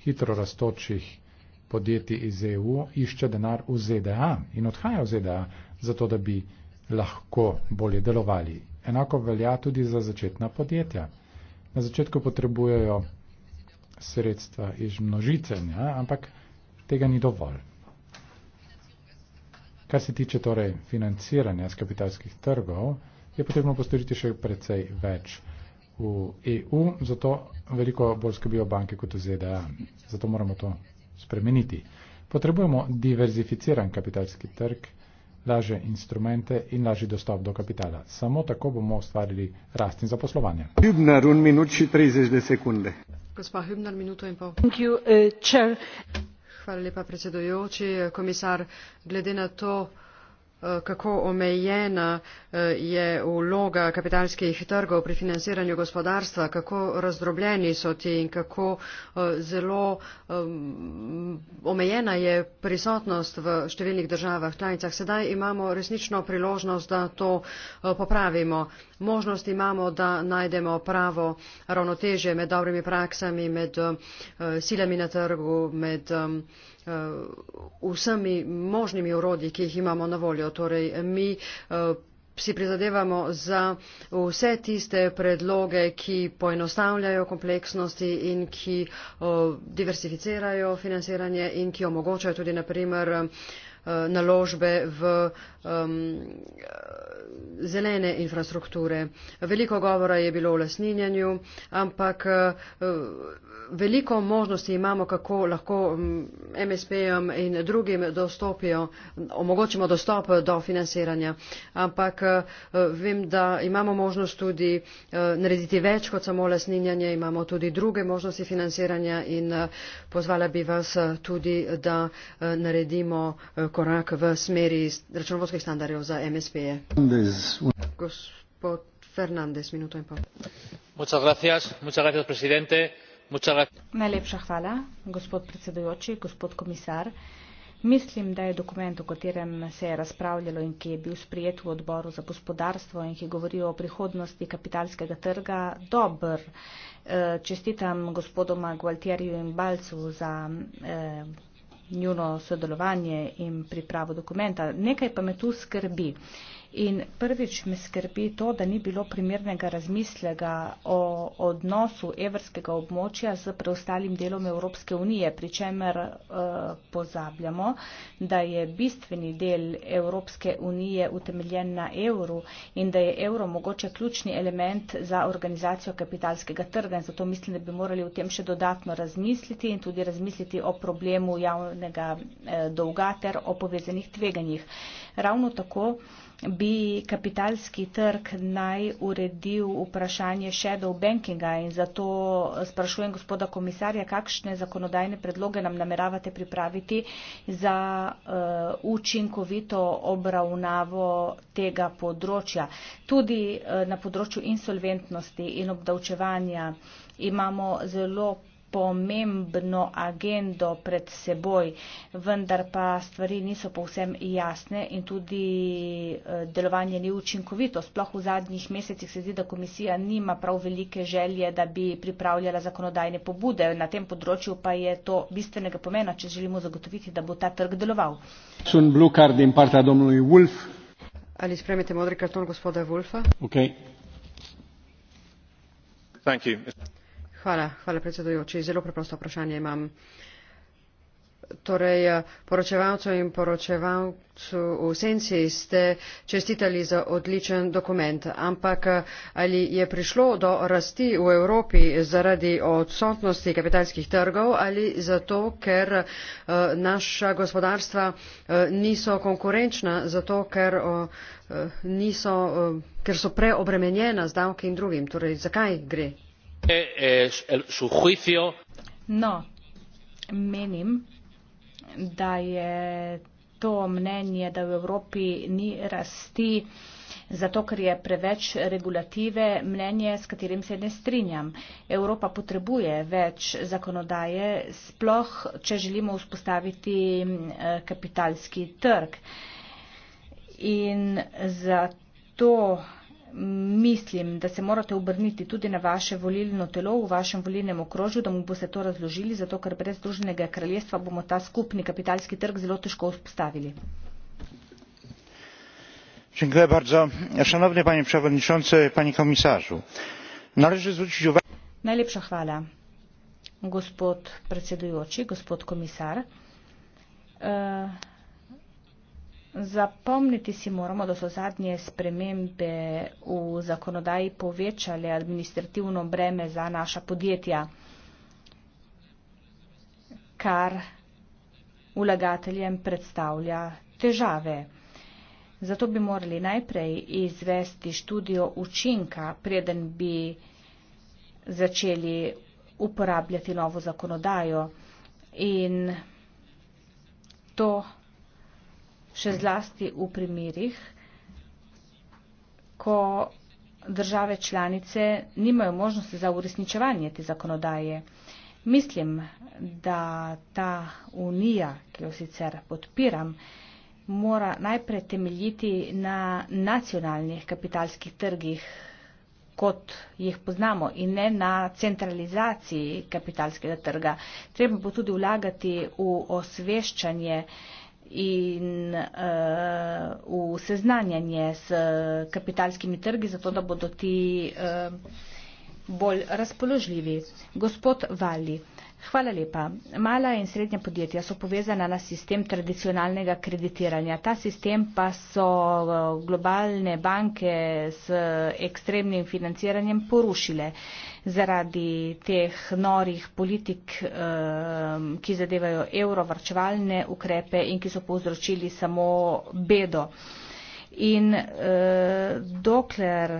S1: hitro rastočih podjetij iz EU išče denar v ZDA in odhaja v ZDA, zato da bi lahko bolje delovali. Enako velja tudi za začetna podjetja. Na začetku potrebujejo sredstva iz množicenja, ampak tega ni dovolj. Kar se tiče torej financiranja z kapitalskih trgov, je potrebno postoriti še precej več v EU, zato veliko bolj skrbijo banke kot v ZDA. Zato moramo to spremeniti. Potrebujemo diverzificiran kapitalski trg, lažje instrumente in lažji dostop do kapitala. Samo tako bomo ustvarili rast in zaposlovanje.
S2: Hübner, un minut in 30 sekunde.
S4: Gospa Hübner, minuto in pol. Thank you, uh, chair. Hvala lepa, predsedujoči, komisar. Glede na to, Eh, kako omejena eh, je vloga kapitalskih trgov pri financiranju gospodarstva, kako razdrobljeni so ti in kako eh, zelo omejena je prisotnost v številnih državah članicah. Sedaj imamo resnično priložnost, da to popravimo. Možnost imamo, da najdemo pravo ravnotežje med dobrimi praksami, med silami na trgu, med Eh, vsemi možnimi urodji, ki jih imamo na voljo. Torej, mi eh, si prizadevamo za vse tiste predloge, ki poenostavljajo kompleksnosti in ki eh, diversificirajo financiranje in ki omogočajo tudi naprimer naložbe v um, zelene infrastrukture. Veliko govora je bilo o lasninjanju, ampak uh, veliko možnosti imamo, kako lahko MSP-jem um, in drugim dostopijo, omogočimo dostop do financiranja. Ampak uh, vem, da imamo možnost tudi uh, narediti več kot samo lasninjanje, imamo tudi druge možnosti financiranja in uh, pozvala bi vas tudi, da uh, naredimo uh, korak v smeri računovodske visokih standardov za MSP. -je. Gospod Fernandez, minuto in pol.
S5: Muchas gracias, muchas gracias, presidente. Najlepša
S3: hvala, gospod predsedujoči, gospod komisar. Mislim, da je dokument, o katerem se je razpravljalo in ki je bil sprijet v odboru za gospodarstvo in ki govori o prihodnosti kapitalskega trga, dober. Eh, čestitam gospodoma Gualtjeriju in Balcu za eh, njuno sodelovanje in pripravo dokumenta. Nekaj pa me tu skrbi. Uh, In prvič me skrbi to, da ni bilo primernega razmislega o odnosu evrskega območja z preostalim delom Evropske unije, pri čemer eh, pozabljamo, da je bistveni del Evropske unije utemeljen na evru in da je evro mogoče ključni element za organizacijo kapitalskega trga. In zato mislim, da bi morali v tem še dodatno razmisliti in tudi razmisliti o problemu javnega eh, dolga ter o povezanih tveganjih. Ravno tako, bi kapitalski trg naj uredil vprašanje shadow bankinga in zato sprašujem gospoda komisarja, kakšne zakonodajne predloge nam nameravate pripraviti za uh, učinkovito obravnavo tega področja. Tudi uh, na področju insolventnosti in obdavčevanja imamo zelo pomembno agendo pred seboj, vendar pa stvari niso povsem jasne in tudi eh, delovanje ni učinkovito. Sploh v zadnjih mesecih se zdi, da komisija nima prav velike želje, da bi pripravljala zakonodajne pobude. Na tem področju pa je to bistvenega pomena, če želimo zagotoviti, da bo ta trg deloval.
S4: Ali spremete modri karton gospoda Wolfa? Okay zelo preprosto vprašanje imam. Torej, poročevalcu in poročevalcu v senci ste čestitali za odličen dokument, ampak ali je prišlo do rasti v Evropi zaradi odsotnosti kapitalskih trgov ali zato, ker naša gospodarstva niso konkurenčna, zato ker, niso, ker so preobremenjena z davki in drugim? Torej, zakaj gre
S5: merece su juicio.
S4: No, menim, da je
S3: to mnenje, da v Evropi ni rasti, zato ker je preveč regulative, mnenje, s katerim se ne strinjam. Evropa potrebuje več zakonodaje, sploh, če želimo vzpostaviti eh, kapitalski trg. In zato mislim, da se morate obrniti tudi na vaše volilno telo v vašem volilnem okrožju, da mu boste to razložili, zato ker brez Združenega kraljestva bomo ta skupni kapitalski trg zelo težko vzpostavili.
S5: Dziękuję bardzo. Szanowny panie przewodniczący, panie komisarzu. Należy zwrócić uwagę.
S3: Najlepsza chwala. Gospod przewodniczący, gospod komisarz. E... Zapomniti si moramo, da so zadnje spremembe v zakonodaji povečale administrativno breme za naša podjetja, kar vlagateljem predstavlja težave. Zato bi morali najprej izvesti študijo učinka, preden bi začeli uporabljati novo zakonodajo in to še zlasti v primerih, ko države članice nimajo možnosti za uresničevanje te zakonodaje. Mislim, da ta unija, ki jo sicer podpiram, mora najprej temeljiti na nacionalnih kapitalskih trgih, kot jih poznamo, in ne na centralizaciji kapitalskega trga. Treba bo tudi vlagati v osveščanje eh, in uh, v seznanjanje s eh, kapitalskimi trgi, zato da bodo ti uh, bolj razpoložljivi. Gospod Vali, uh, Hvala lepa. Mala in srednja podjetja so povezana na sistem tradicionalnega kreditiranja. Ta sistem pa so eh, globalne banke s eh, ekstremnim financiranjem porušile zaradi teh norih politik, eh, ki zadevajo evro, vrčevalne ukrepe in ki so povzročili samo bedo. In dokler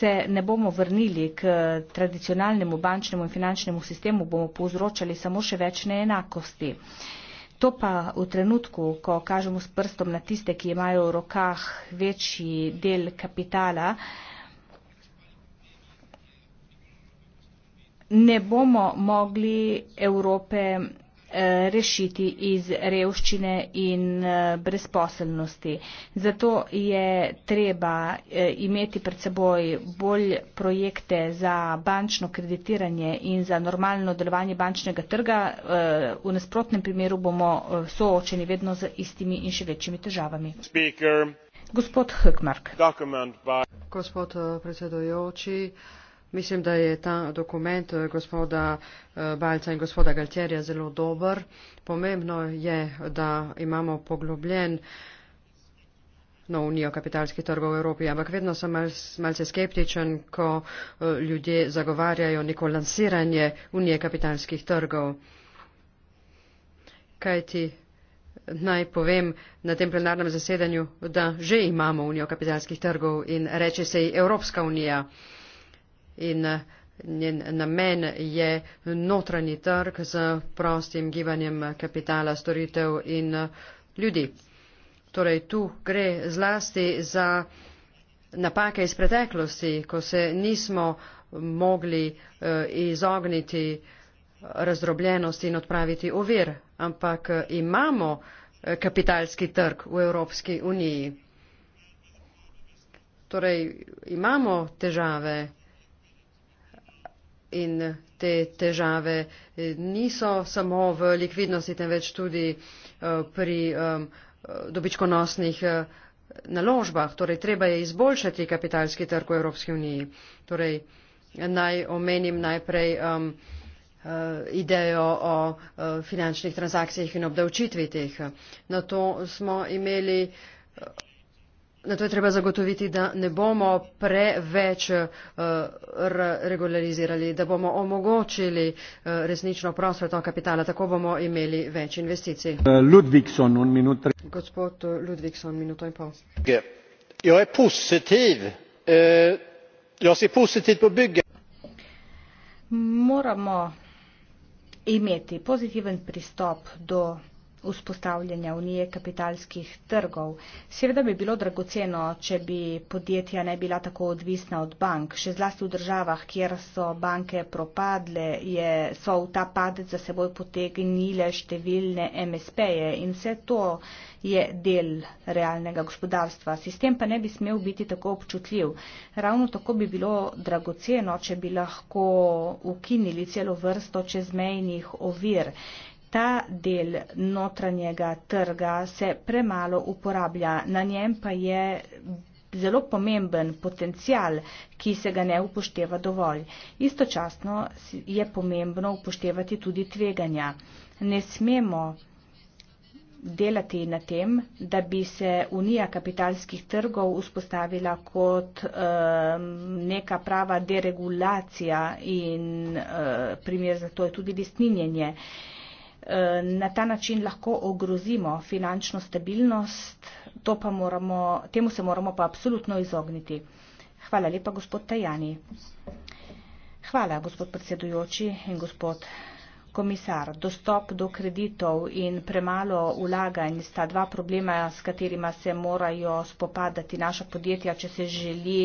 S3: se ne bomo vrnili k tradicionalnemu bančnemu in finančnemu sistemu, bomo povzročali samo še več neenakosti. To pa v trenutku, ko kažemo s prstom na tiste, ki imajo v rokah večji del kapitala, ne bomo mogli Evrope Eh, rešiti iz revščine in eh, brezposelnosti. Zato je treba eh, imeti pred seboj bolj projekte za bančno kreditiranje in za normalno delovanje bančnega trga. V nasprotnem primeru bomo soočeni vedno z istimi in še večjimi
S4: težavami. Speaker, gospod Hökmark. Gospod predsedujoči. Mislim, da je ta dokument eh, gospoda eh, Balca in gospoda Galtjerja zelo dober. Pomembno je, da imamo poglobljen na no, Unijo kapitalskih trgov v Evropi, ampak vedno sem malce skeptičen, ko eh, ljudje zagovarjajo neko lansiranje Unije kapitalskih trgov. Kaj ti naj povem na tem plenarnem zasedanju, da že imamo Unijo kapitalskih trgov in reče se ji Evropska unija in eh, njen namen je notranji trg z prostim gibanjem kapitala, storitev in eh, ljudi. Torej, tu gre zlasti za napake iz preteklosti, ko se nismo mogli eh, izogniti razdrobljenosti in odpraviti ovir, ampak imamo kapitalski trg v Evropski uniji. Torej, imamo težave in te težave eh, niso samo v likvidnosti, temveč tudi eh, pri eh, dobičkonosnih naložbah. Torej, treba je izboljšati kapitalski trg v Evropski uniji. Torej, naj omenim najprej um, idejo o finančnih transakcijah in obdavčitvi teh. Na to smo imeli Na to je treba zagotoviti, da ne bomo preveč uh, regularizirali, da bomo omogočili uh, resnično prostor to kapitala, tako bomo imeli več investicij.
S2: Eh, Ludvikson, un minuto.
S4: Gospod Ludvikson, minuto in pol.
S2: Ja, je pozitiv.
S5: Ja, si pozitiv po bygge.
S4: Moramo
S3: imeti pozitiven pristop do vzpostavljanja unije kapitalskih trgov. Seveda bi bilo dragoceno, če bi podjetja ne bila tako odvisna od bank. Še zlasti v državah, kjer so banke propadle, je, so v ta padec za seboj potegnile številne MSP-je in vse to je del realnega gospodarstva. Sistem pa ne bi smel biti tako občutljiv. Ravno tako bi bilo dragoceno, če bi lahko ukinili celo vrsto čezmejnih ovir ta del notranjega trga se premalo uporablja, na njem pa je zelo pomemben potencial, ki se ga ne upošteva dovolj. Istočasno je pomembno upoštevati tudi tveganja. Ne smemo delati na tem, da bi se Unija kapitalskih trgov vzpostavila kot e, neka prava deregulacija in e, primer za to je tudi listninjenje. E, Eh, na ta način lahko ogrozimo finančno stabilnost, to pa moramo, temu se moramo pa absolutno izogniti. Hvala lepa, gospod Tajani. Hvala, gospod predsedujoči in gospod komisar. Dostop do kreditov in premalo vlaganj sta dva problema, s katerima se morajo spopadati naša podjetja, če se želi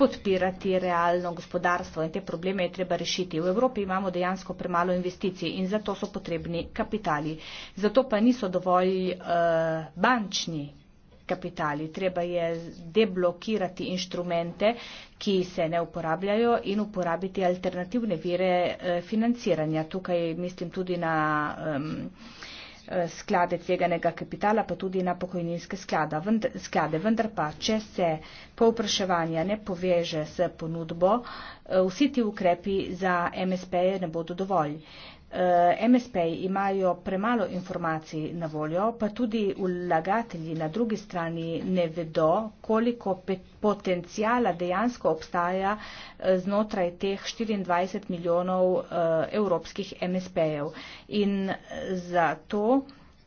S3: podpirati realno gospodarstvo in te probleme je treba rešiti. V Evropi imamo dejansko premalo investicij in zato so potrebni kapitali. Zato pa niso dovolj uh, bančni kapitali. Treba je deblokirati inštrumente, ki se ne uporabljajo in uporabiti alternativne vire uh, financiranja. Tukaj mislim tudi na. Um, Eh, sklade tveganega kapitala, pa tudi na pokojninske sklada, vend, sklade. Vendar pa, če se povpraševanja ne poveže s ponudbo, eh, vsi ti ukrepi za MSP-je ne bodo dovolj. Eh, MSP imajo premalo informacij na voljo, pa tudi vlagatelji na drugi strani ne vedo, koliko potencijala dejansko obstaja eh, znotraj teh 24 milijonov eh, evropskih MSP-jev. In zato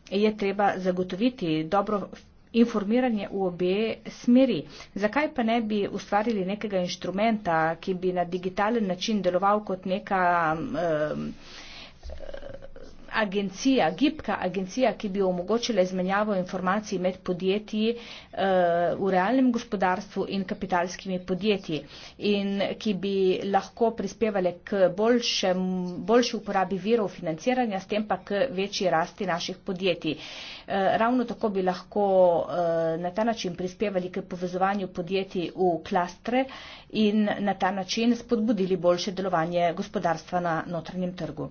S3: je treba zagotoviti dobro informiranje v obe smeri. Zakaj pa ne bi ustvarili nekega inštrumenta, ki bi na digitalen način deloval kot neka. Um, agencija, gibka agencija, ki bi omogočila izmenjavo informacij med podjetji eh, v realnem gospodarstvu in kapitalskimi podjetji in ki bi lahko prispevali k boljšem, boljši uporabi virov financiranja, s tem pa k večji rasti naših podjetij. Eh, ravno tako bi lahko eh, na ta način prispevali k povezovanju podjetij v klastre in na ta način spodbudili boljše delovanje gospodarstva na notranjem trgu.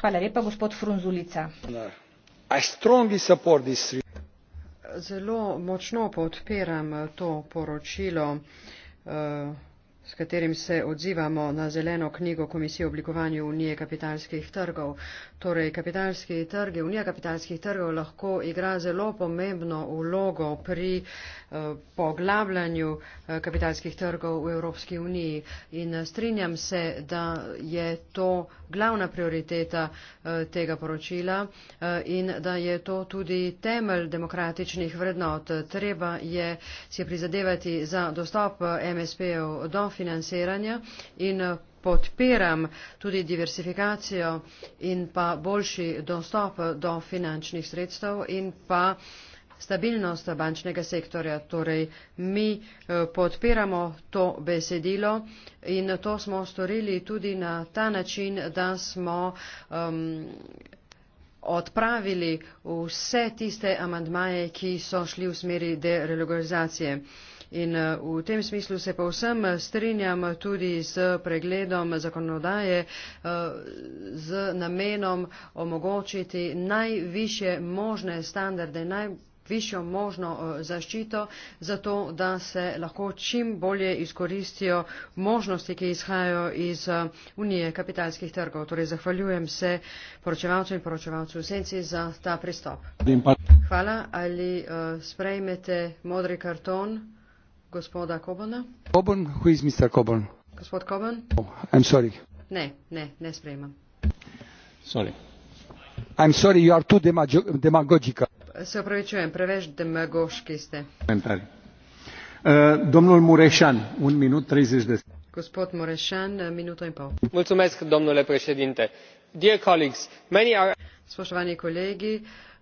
S3: Hvala lepa, gospod Frunzulica.
S4: Zelo močno podpiram to poročilo. Eh, s katerim se odzivamo na zeleno knjigo Komisije o oblikovanju Unije kapitalskih trgov. Torej, kapitalski trgi, Unija kapitalskih trgov lahko igra zelo pomembno vlogo pri eh, poglabljanju eh, kapitalskih trgov v Evropski uniji. In eh, strinjam se, da je to glavna prioriteta tega poročila in da je to tudi temelj demokratičnih vrednot. Treba je si prizadevati za dostop MSP-ov do financiranja in eh, podpiram tudi diversifikacijo in pa boljši dostop eh, do finančnih sredstev in pa stabilnost bančnega sektorja. Torej, mi eh, podpiramo to besedilo in to smo storili tudi na ta način, da smo um, odpravili vse tiste amandmaje, ki so šli v smeri derelogizacije. In eh, v tem smislu se povsem eh, strinjam tudi z pregledom zakonodaje eh, z namenom omogočiti najviše možne standarde, naj višjo možno zaščito, zato da se lahko čim bolje izkoristijo možnosti, ki izhajajo iz Unije kapitalskih trgov. Torej, zahvaljujem se poročevalcu in poročevalcu v senci za ta pristop. Hvala. Ali uh, sprejmete modri karton? gospoda Kobona.
S2: Coburn, who is Mr. Coburn? Gospod Coburn? Oh, I'm sorry.
S4: Ne, ne, ne sprejemam.
S2: Sorry. I'm sorry, you are too demag demagogical.
S4: Se opravičujem, preveč demagoški ste.
S2: Komentari. Uh, domnul Mureșan, un minut, 30 de
S4: Gospod Mureșan, minuto in pol.
S5: Mulțumesc, domnule președinte. Dear colleagues,
S4: many are... Spoštovani kolegi, uh,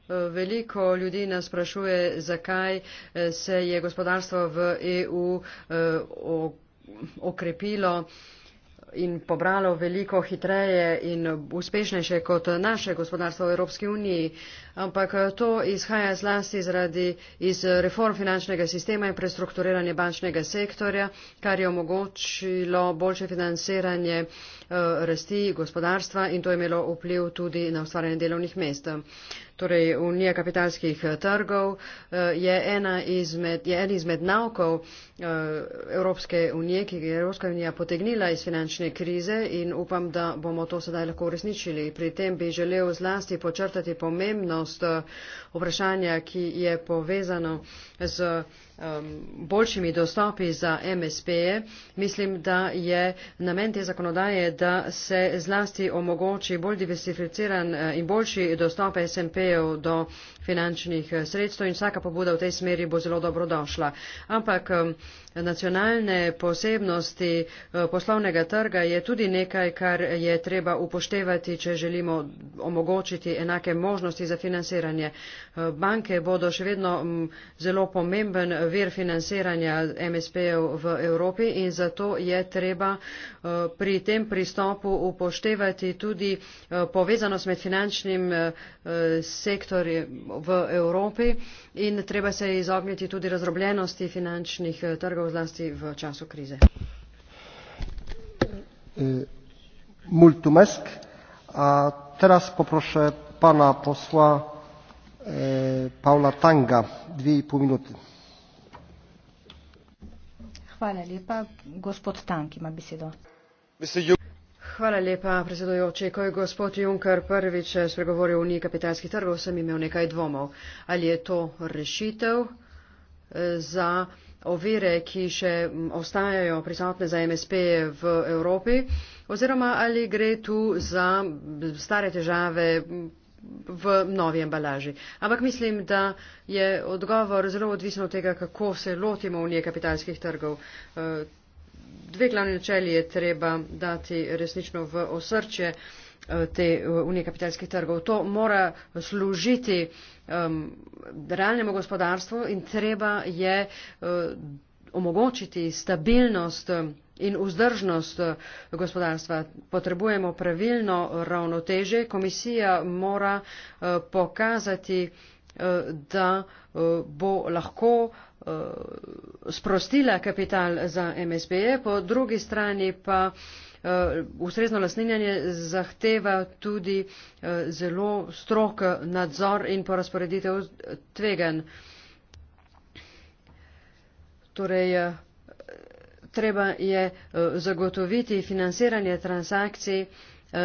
S4: Veliko ljudi nas sprašuje, zakaj eh, se je gospodarstvo v EU eh, okrepilo in pobralo veliko hitreje in uspešnejše kot naše gospodarstvo v Evropski uniji ampak eh, to izhaja zlasti zaradi iz eh, reform finančnega sistema in prestrukturiranja bančnega sektorja, kar je omogočilo boljše financiranje eh, rasti gospodarstva in to je imelo vpliv tudi na ustvarjanje delovnih mest. Torej, Unija kapitalskih trgov je, izmed, je en izmed navkov Evropske unije, ki je Evropska unija potegnila iz finančne krize in upam, da bomo to sedaj lahko uresničili. Pri tem bi želel zlasti počrtati pomembnost prihodnost, eh, vprašanje, ki je povezano z boljšimi dostopi za MSP-je. Mislim, da je namen te zakonodaje, da se zlasti omogoči bolj diversificiran eh, in boljši dostop SMP-jev do finančnih eh, sredstev in vsaka pobuda v tej smeri bo zelo dobro došla. Ampak nacionalne posebnosti eh, poslovnega trga je tudi nekaj, kar je treba upoštevati, če želimo omogočiti enake možnosti za financiranje. Eh, banke bodo še vedno mm, zelo pomemben vir financiranja MSP-ev v Evropi in zato je treba eh, pri tem pristopu upoštevati tudi povezanost med finančnim sektorjem v Evropi in treba se izogniti tudi razrobljenosti finančnih trgov zlasti v času krize. E,
S6: Multumesk. A teraz poproszę pana posła e, Paula Tanga, dwie i pół
S4: minuty. Hvala lepa, gospod Tank ima besedo. Hvala lepa, predsedujoči. Ko je gospod Juncker prvič spregovoril o uniji kapitalskih trgov, sem imel nekaj dvomov. Ali je to rešitev e, za ovire, ki še ostajajo prisotne za MSP-je v Evropi, oziroma ali gre tu za stare težave v novi embalaži. Ampak mislim, da je odgovor zelo odvisen od tega, kako se lotimo unije kapitalskih trgov. Eh, dve glavne načeli je treba dati resnično v osrčje. Eh, te eh, unije kapitalskih trgov. To mora služiti um, realnemu gospodarstvu in treba je um, omogočiti stabilnost in vzdržnost gospodarstva. Potrebujemo pravilno ravnoteže. Komisija mora uh, pokazati, uh, da uh, bo lahko uh, Eh, sprostila kapital za MSBE, po drugi strani pa eh, ustrezno lasninjanje zahteva tudi eh, zelo strok nadzor in porazporeditev tvegan. Torej, treba je zagotoviti financiranje transakcij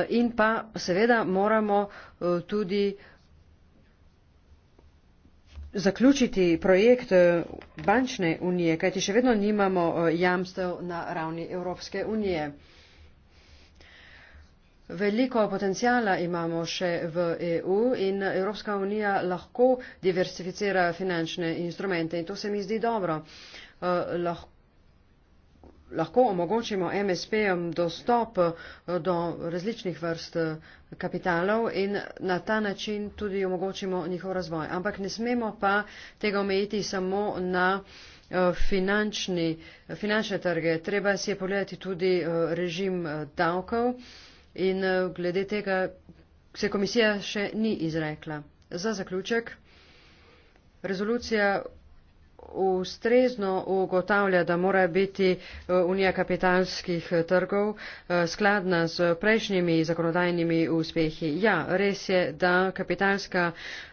S4: in pa seveda moramo tudi zaključiti projekt eh, bančne unije, kajti še vedno nimamo eh, jamstev na ravni Evropske unije. Veliko potencijala imamo še v EU in Evropska unija lahko diversificira finančne instrumente in to se mi zdi dobro. Eh, lahko lahko omogočimo MSP-jem dostop eh, do različnih vrst eh, kapitalov in na ta način tudi omogočimo njihov razvoj. Ampak ne smemo pa tega omejiti samo na eh, finančni, finančne trge. Treba si je pogledati tudi režim davkov in glede tega se komisija še ni izrekla. Za zaključek, rezolucija ustrezno ugotavlja, da mora biti eh, Unija kapitalskih eh, trgov eh, skladna z prejšnjimi zakonodajnimi uspehi. Ja, res je, da kapitalska uh,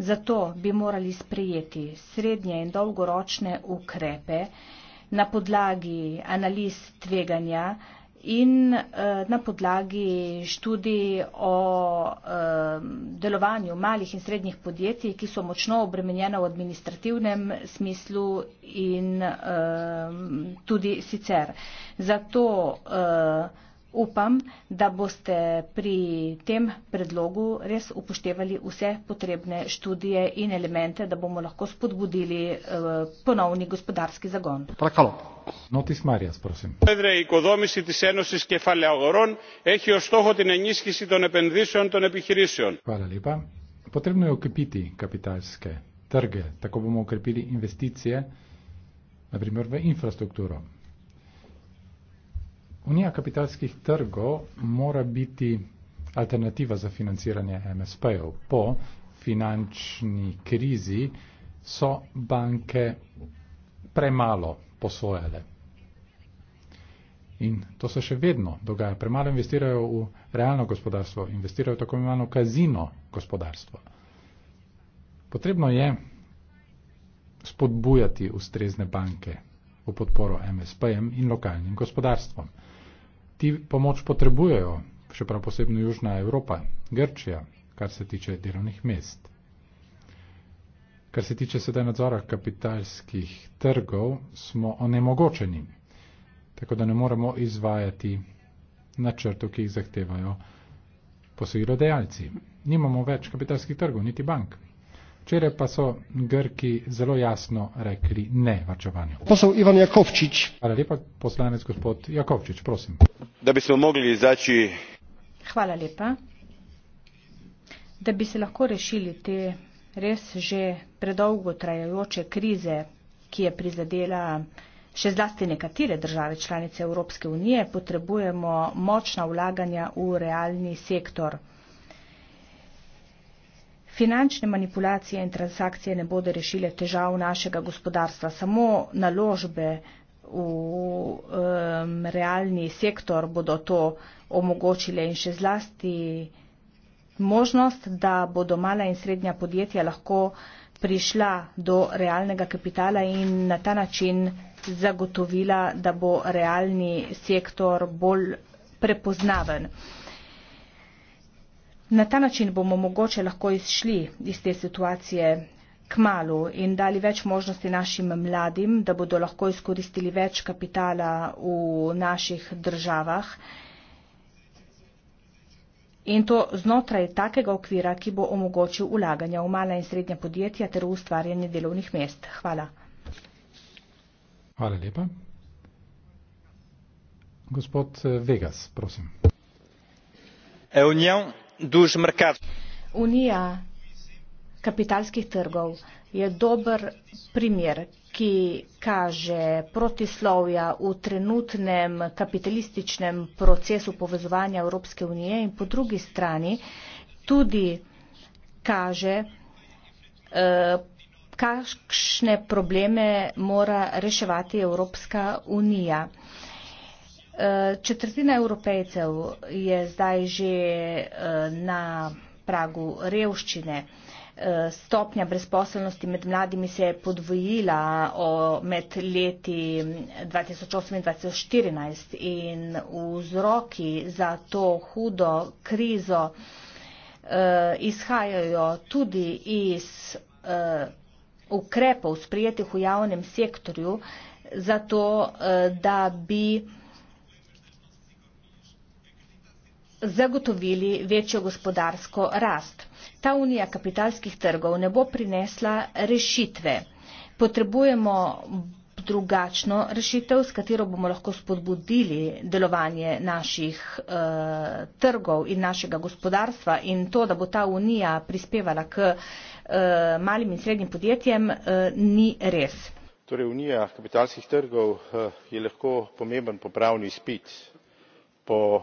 S3: Zato bi morali sprejeti srednje in dolgoročne ukrepe na podlagi analiz tveganja in eh, na podlagi študij o eh, delovanju malih in srednjih podjetij, ki so močno obremenjena v administrativnem smislu in eh, tudi sicer. Zato Upam, da boste pri tem predlogu res upoštevali vse potrebne študije in elemente, da bomo lahko spodbudili eh, ponovni gospodarski zagon.
S1: Prakalo. Notis Marias, prosim.
S5: Predre, ekodomisi tis enosis kefale agoron, ehi o stoho tine njiskisi ton ependisjon ton epihirisjon.
S1: Hvala lepa. Potrebno je okrepiti kapitalske trge, tako bomo okrepili investicije, na primer v infrastrukturo. Unija kapitalskih trgov mora biti alternativa za financiranje MSP-ov. Po finančni krizi so banke premalo posojale. In to se še vedno dogaja. Premalo investirajo v realno gospodarstvo, investirajo v tako imenovano kazino gospodarstvo. Potrebno je spodbujati ustrezne banke v podporo MSP-jem in lokalnim gospodarstvom ti pomoč potrebujejo, še prav posebno Južna Evropa, Grčija, kar se tiče delovnih mest. Kar se tiče sedaj nadzora kapitalskih trgov, smo onemogočeni, tako da ne moremo izvajati načrtov, ki jih zahtevajo posojilodajalci. Nimamo več kapitalskih trgov, niti bank. Včeraj pa so Grki zelo jasno rekli ne varčevanju. Posel Ivan Jakovčič. Hvala lepa, poslanec gospod Jakovčič, prosim.
S2: Da bi smo mogli izači.
S3: Hvala lepa. Da bi se lahko rešili te res že predolgo trajajoče krize, ki je prizadela še zlasti nekatere države članice Evropske unije, potrebujemo močna vlaganja v realni sektor. Finančne manipulacije in transakcije ne bodo rešile težav našega gospodarstva, samo naložbe v um, realni sektor bodo to omogočile in še zlasti možnost, da bodo mala in srednja podjetja lahko prišla do realnega kapitala in na ta način zagotovila, da bo realni sektor bolj prepoznaven. Uh, Na ta način bomo mogoče lahko izšli iz te situacije k malu in dali več možnosti našim mladim, da bodo lahko izkoristili več kapitala v naših državah. In to znotraj takega okvira, ki bo omogočil ulaganja v mala in srednja podjetja ter ustvarjanje delovnih mest. Hvala.
S1: Hvala lepa. Gospod eh, Vegas, prosim.
S2: Evnjav dos mercados.
S3: Unija kapitalskih trgov je dober primer, ki kaže protislovja v trenutnem kapitalističnem procesu povezovanja Evropske unije in po drugi strani tudi kaže, eh, kakšne probleme mora reševati Evropska unija. Četrtina evropejcev je zdaj že eh, na pragu revščine. Eh, stopnja brezposelnosti med mladimi se je podvojila med leti 2008 in 2014 in vzroki za to hudo krizo eh, izhajajo tudi iz ukrepov sprijetih v javnem sektorju zato, da bi zagotovili večjo gospodarsko rast. Ta unija kapitalskih trgov ne bo prinesla rešitve. Potrebujemo drugačno rešitev, s katero bomo lahko spodbudili delovanje naših e, trgov in našega gospodarstva in to, da bo ta unija prispevala k e, malim in srednjim podjetjem, e, ni res.
S5: Torej, unija kapitalskih trgov e, je lahko pomemben popravni spit po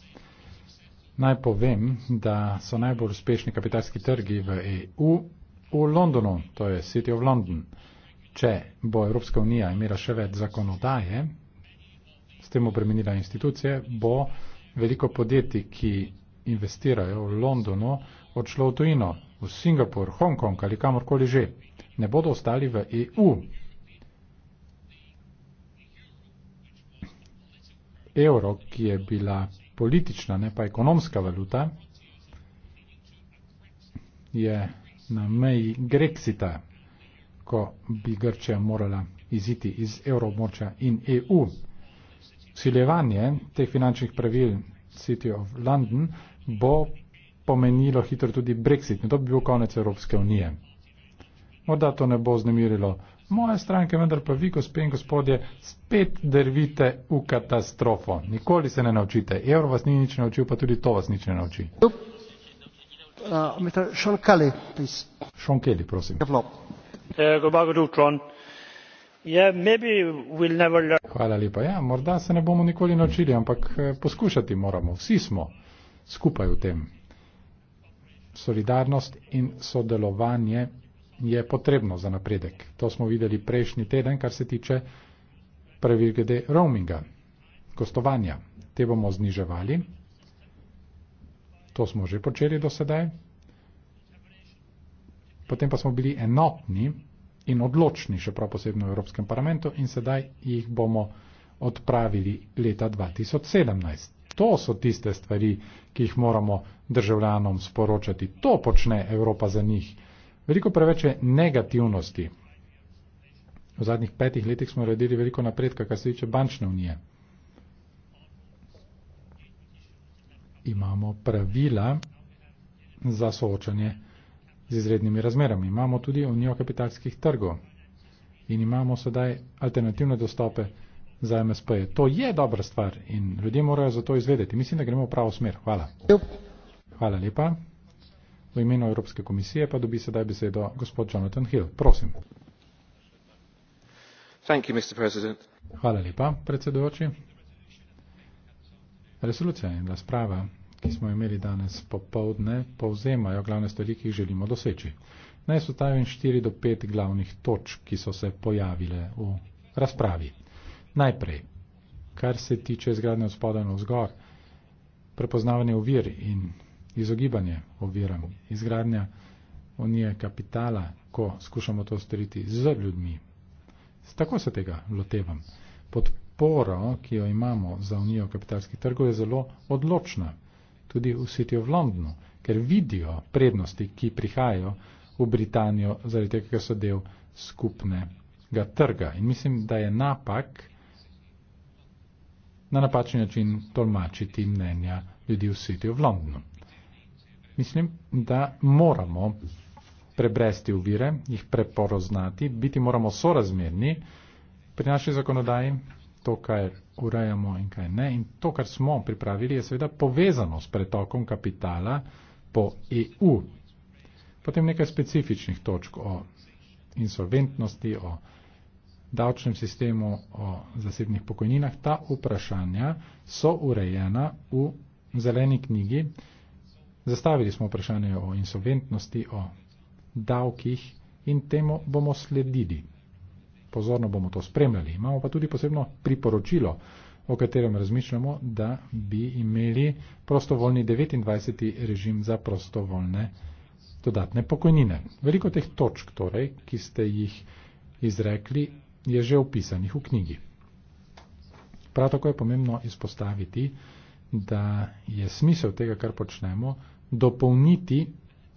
S1: Naj povem, da so najbolj uspešni kapitalski trgi v EU v Londonu, to je City of London. Če bo Evropska unija imela še več zakonodaje, s tem obremenila institucije, bo veliko podjetij, ki investirajo v Londonu, odšlo v tujino, v Singapur, Hongkong ali kamorkoli že. Ne bodo ostali v EU. Evro, ki je bila politična, ne pa ekonomska valuta, je na meji Grexita, ko bi Grčija morala iziti iz evroobmočja in EU. Siljevanje teh finančnih pravil City of London bo pomenilo hitro tudi Brexit. In to bi bil konec Evropske unije. Morda to ne bo znemirilo moje stranke, vendar pa vi, gospe in gospodje, spet drvite v katastrofo. Nikoli se ne naučite. Evro vas ni nič naučil, pa tudi to vas nič ne nauči. Uh, Sean Kelly, prosim. Uh, Hvala lepa. Ja, morda se ne bomo nikoli naučili, ampak eh, poskušati moramo. Vsi smo skupaj v tem. Solidarnost in sodelovanje je potrebno za napredek. To smo videli prejšnji teden, kar se tiče pravil glede roaminga, gostovanja. Te bomo zniževali. To smo že počeli do sedaj. Potem pa smo bili enotni in odločni, še prav posebno v Evropskem parlamentu, in sedaj jih bomo odpravili leta 2017. To so tiste stvari, ki jih moramo državljanom sporočati. To počne Evropa za njih. Veliko preveč je negativnosti. V zadnjih petih letih smo naredili veliko napredka, kar se tiče bančne unije. Imamo pravila za soočanje z izrednimi razmerami. Imamo tudi unijo kapitalskih trgov in imamo sedaj alternativne dostope za MSP. -je. To je dobra stvar in ljudje morajo za to izvedeti. Mislim, da gremo v pravo smer. Hvala. Hvala lepa. V imenu Evropske komisije pa dobi sedaj besedo gospod Jonathan Hill. Prosim.
S5: You,
S1: Hvala lepa, predsedujoči. Resolucija in razprava, ki smo imeli danes popovdne, povzemajo glavne stvari, ki jih želimo doseči. Naj sotavim 4 do 5 glavnih točk, ki so se pojavile v razpravi. Najprej, kar se tiče izgradnje od spodaj na vzgor, prepoznavanje ovir in izogibanje oviram, izgradnja onije kapitala, ko skušamo to storiti z ljudmi. Tako se tega lotevam. Podporo, ki jo imamo za unijo kapitalskih trgov, je zelo odločna. Tudi v City of Londonu, ker vidijo prednosti, ki prihajajo v Britanijo zaradi tega, ker so del skupnega trga. In mislim, da je napak na napačen način tolmačiti mnenja ljudi v City of Londonu. Mislim, da moramo prebresti uvire, jih preporoznati, biti moramo sorazmerni pri naši zakonodaji, to, kar urajamo in kaj ne. In to, kar smo pripravili, je seveda povezano s pretokom kapitala po EU. Potem nekaj specifičnih točk o insolventnosti, o davčnem sistemu, o zasebnih pokojninah. Ta vprašanja so urejena v zeleni knjigi, Zastavili smo vprašanje o insolventnosti, o davkih in temu bomo sledili. Pozorno bomo to spremljali. Imamo pa tudi posebno priporočilo, o katerem razmišljamo, da bi imeli prostovoljni 29. režim za prostovoljne dodatne pokojnine. Veliko teh točk, torej, ki ste jih izrekli, je že opisanih v knjigi. Prav tako je pomembno izpostaviti, da je smisel tega, kar počnemo, dopolniti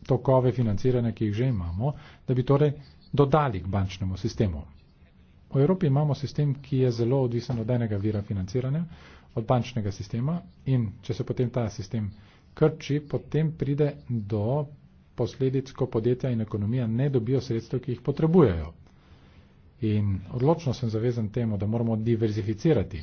S1: tokove financiranja, ki jih že imamo, da bi torej dodali k bančnemu sistemu. V Evropi imamo sistem, ki je zelo odvisen od enega vira financiranja, od bančnega sistema in če se potem ta sistem krči, potem pride do posledic, ko podjetja in ekonomija ne dobijo sredstev, ki jih potrebujejo. In odločno sem zavezan temu, da moramo diverzificirati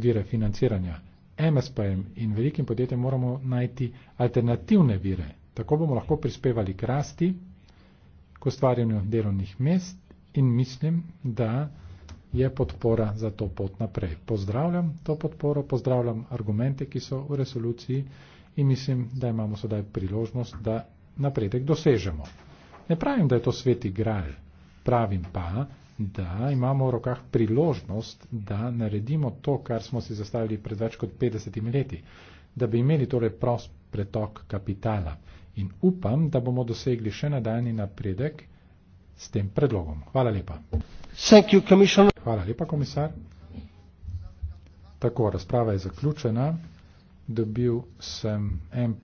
S1: vire financiranja MSP-jem in velikim podjetjem moramo najti alternativne vire. Tako bomo lahko prispevali k rasti, k ustvarjanju delovnih mest in mislim, da je podpora za to pot naprej. Pozdravljam to podporo, pozdravljam argumente, ki so v resoluciji in mislim, da imamo sedaj priložnost, da napredek dosežemo. Ne pravim, da je to sveti gral, pravim pa, da imamo v rokah priložnost, da naredimo to, kar smo si zastavili pred več kot 50 leti, da bi imeli torej prost pretok kapitala. In upam, da bomo dosegli še nadaljni napredek s tem predlogom. Hvala lepa. You, Hvala lepa, komisar. Tako, razprava je zaključena. Dobil sem en.